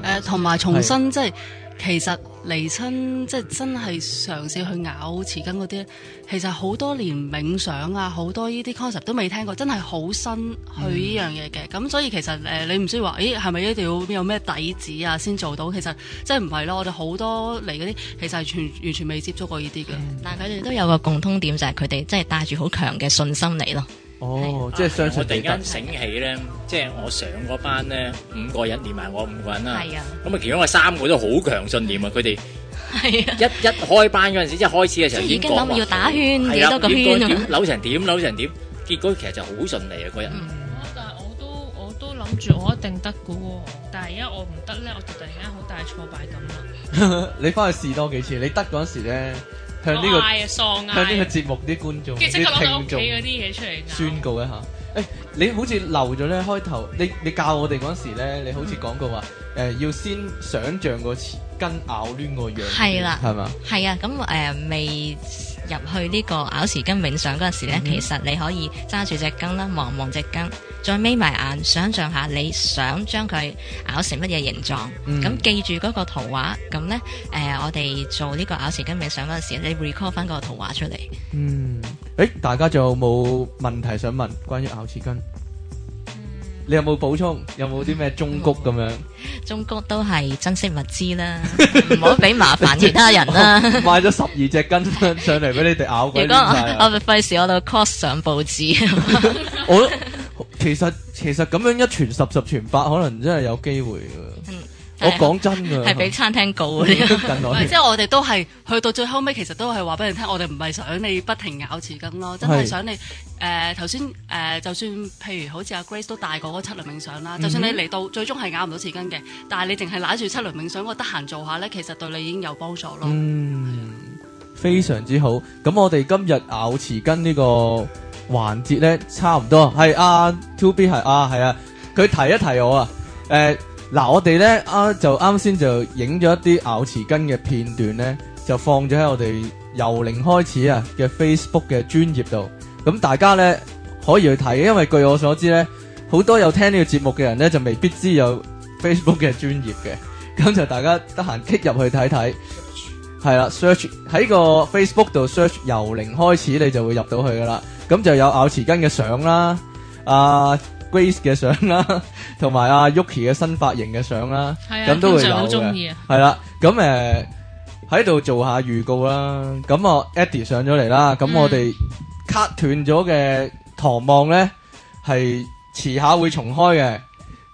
啊，同埋、呃、重新的即係。其實嚟親即係真係嘗試去咬匙羹嗰啲，其實好多連冥想啊，好多呢啲 concept 都未聽過，真係好新去呢樣嘢嘅。咁、嗯嗯、所以其實誒、呃，你唔需要話，咦，係咪一定要有咩底子啊，先做到？其實即係唔係咯？我哋好多嚟嗰啲，其實係全完全未接觸過呢啲嘅。嗯、但係佢哋都有個共通點，就係佢哋即係帶住好強嘅信心嚟咯。哦，即係我突然間醒起咧，即係我上嗰班咧，五個人連埋我五個人啦。係啊，咁啊，其中我三個都好強信念啊，佢哋係啊，一一開班嗰陣時，一開始嘅時候已經諗，要打圈，係啦，已經扭成點，扭成點，結果其實就好順利啊，嗰日。嗯，但係我都我都諗住我一定得嘅喎，但係而家我唔得咧，我就突然間好大挫敗感啊！你翻去試多幾次，你得嗰陣時咧。向呢、這個向呢個節目啲觀眾啲聽眾宣告一下，誒你好似留咗咧，開頭，你你教我哋嗰時咧，你好似講過話誒、 呃、要先想像個羹拗彎個樣，係啦，係嘛嗎？係啊，咁誒、呃、未。入去呢個拗匙羹冥想嗰陣時呢，mm hmm. 其實你可以揸住隻羹啦，望望隻羹，再眯埋眼，想象下你想將佢拗成乜嘢形狀，咁、mm hmm. 記住嗰個圖畫，咁呢，誒、呃，我哋做呢個拗匙羹冥想嗰陣時，你 recall 翻嗰個圖畫出嚟。嗯、mm，誒、hmm. 欸，大家仲有冇問題想問關於拗匙羹？你有冇補充？有冇啲咩中谷咁樣？中谷都係珍惜物資啦，唔好俾麻煩其他人啦、啊。 買咗十二隻羹上嚟俾你哋咬鬼 如果我咪費事，我度 cos 上報紙。 我其實其實咁樣一傳十十傳百，可能真係有機會嘅。嗯我講真㗎，係俾餐廳告嗰啲，即係我哋都係去到最後尾，其實都係話俾人聽，我哋唔係想你不停咬匙羹咯，真係想你誒頭先誒，就算譬如好似阿 Grace 都帶過嗰七輪冥想啦，就算你嚟到最終係咬唔到匙羹嘅，但係你淨係攬住七輪冥想，我得閒做下咧，其實對你已經有幫助咯。嗯，係啊，非常之好。咁我哋今日咬匙羹呢個環節咧，差唔多係阿 Toby 係啊，係啊，佢提一提我啊，誒。嗱，我哋咧啊，就啱先就影咗一啲咬匙羹嘅片段咧，就放咗喺我哋由零開始啊嘅 Facebook 嘅專頁度。咁大家咧可以去睇，因為據我所知咧，好多有聽呢個節目嘅人咧就未必知有 Facebook 嘅專頁嘅。咁就大家得閒 click 入去睇睇，係啦，search 喺個 Facebook 度 search 由零開始，你就會入到去㗎喇。咁就有咬匙羹嘅相啦，啊～Grace 嘅相啦，同埋阿 Yuki 嘅新髮型嘅相啦，咁都會有嘅。好鍾意啊。係啦，咁誒喺度做下預告啦。咁啊，Eddie 上咗嚟啦。咁我哋 cut 斷咗嘅唐望咧，係遲下會重開嘅。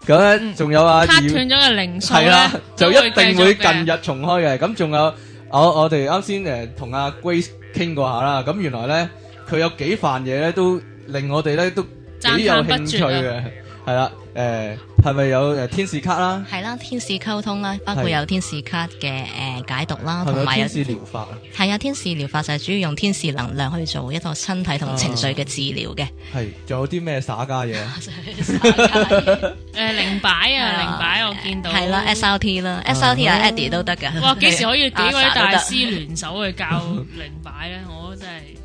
咁仲有啊，cut 斷咗嘅靈數咧，就一定會近日重開嘅。咁仲有我我哋啱先誒同阿 Grace 傾過下啦。咁原來咧佢有幾番嘢咧，都令我哋咧都。最有興趣嘅係啦，誒，係咪有誒天使卡啦？係啦，天使溝通啦，包括有天使卡嘅誒解讀啦，同埋有天使療法。係啊，天使療法就係主要用天使能量去做一個身體同情緒嘅治療嘅。係，仲有啲咩耍家嘢？誒，靈擺啊，靈擺，我見到係啦，S R T 啦，S R T 阿 Eddie 都得噶。哇，幾時可以幾位大師聯手去教靈擺咧？我真係～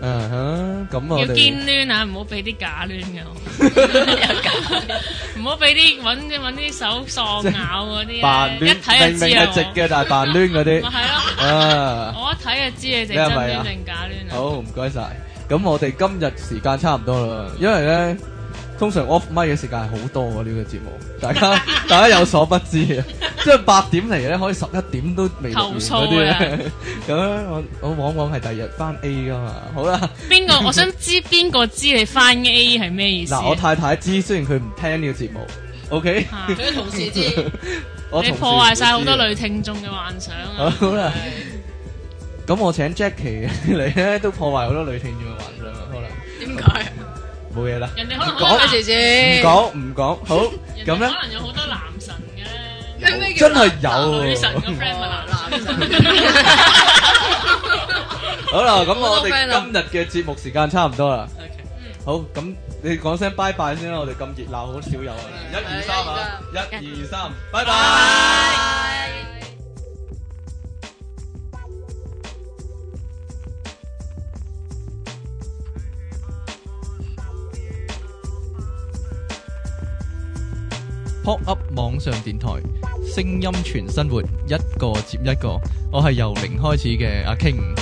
嗯，吓咁我。要堅攣啊，唔好俾啲假攣嘅，唔好俾啲揾啲揾啲手喪咬嗰啲，一睇就知係直嘅，但係扮攣嗰啲。咪係咯，我一睇就知你真攣定假攣。好，唔該晒。咁我哋今日時間差唔多啦，因為咧。通常 off mic 嘅時間係好多嘅呢個節目，大家大家有所不知嘅，即係八點嚟咧，可以十一點都未。投訴啊！咁咧，我我往往係第二日翻 A 噶嘛，好啦。邊個？我想知邊個知你翻 A 係咩意思？嗱，我太太知，雖然佢唔聽呢個節目。O K。係。佢同事知。你破壞晒好多女聽眾嘅幻想啊！好啦。咁我請 Jackie 嚟咧，都破壞好多女聽眾嘅幻想啊！可能。點解？冇嘢啦。唔講，唔講，唔講，好。咁咧，可能有好多男神嘅。真係有。女神個 friend 咪男神？好啦，咁我哋今日嘅節目時間差唔多啦。好，咁你講聲拜拜先啦。我哋咁熱鬧，好少有啊。一二三啊！一二三，拜拜。Pop Up 網上電台，聲音全生活，一個接一個。我係由零開始嘅阿 King。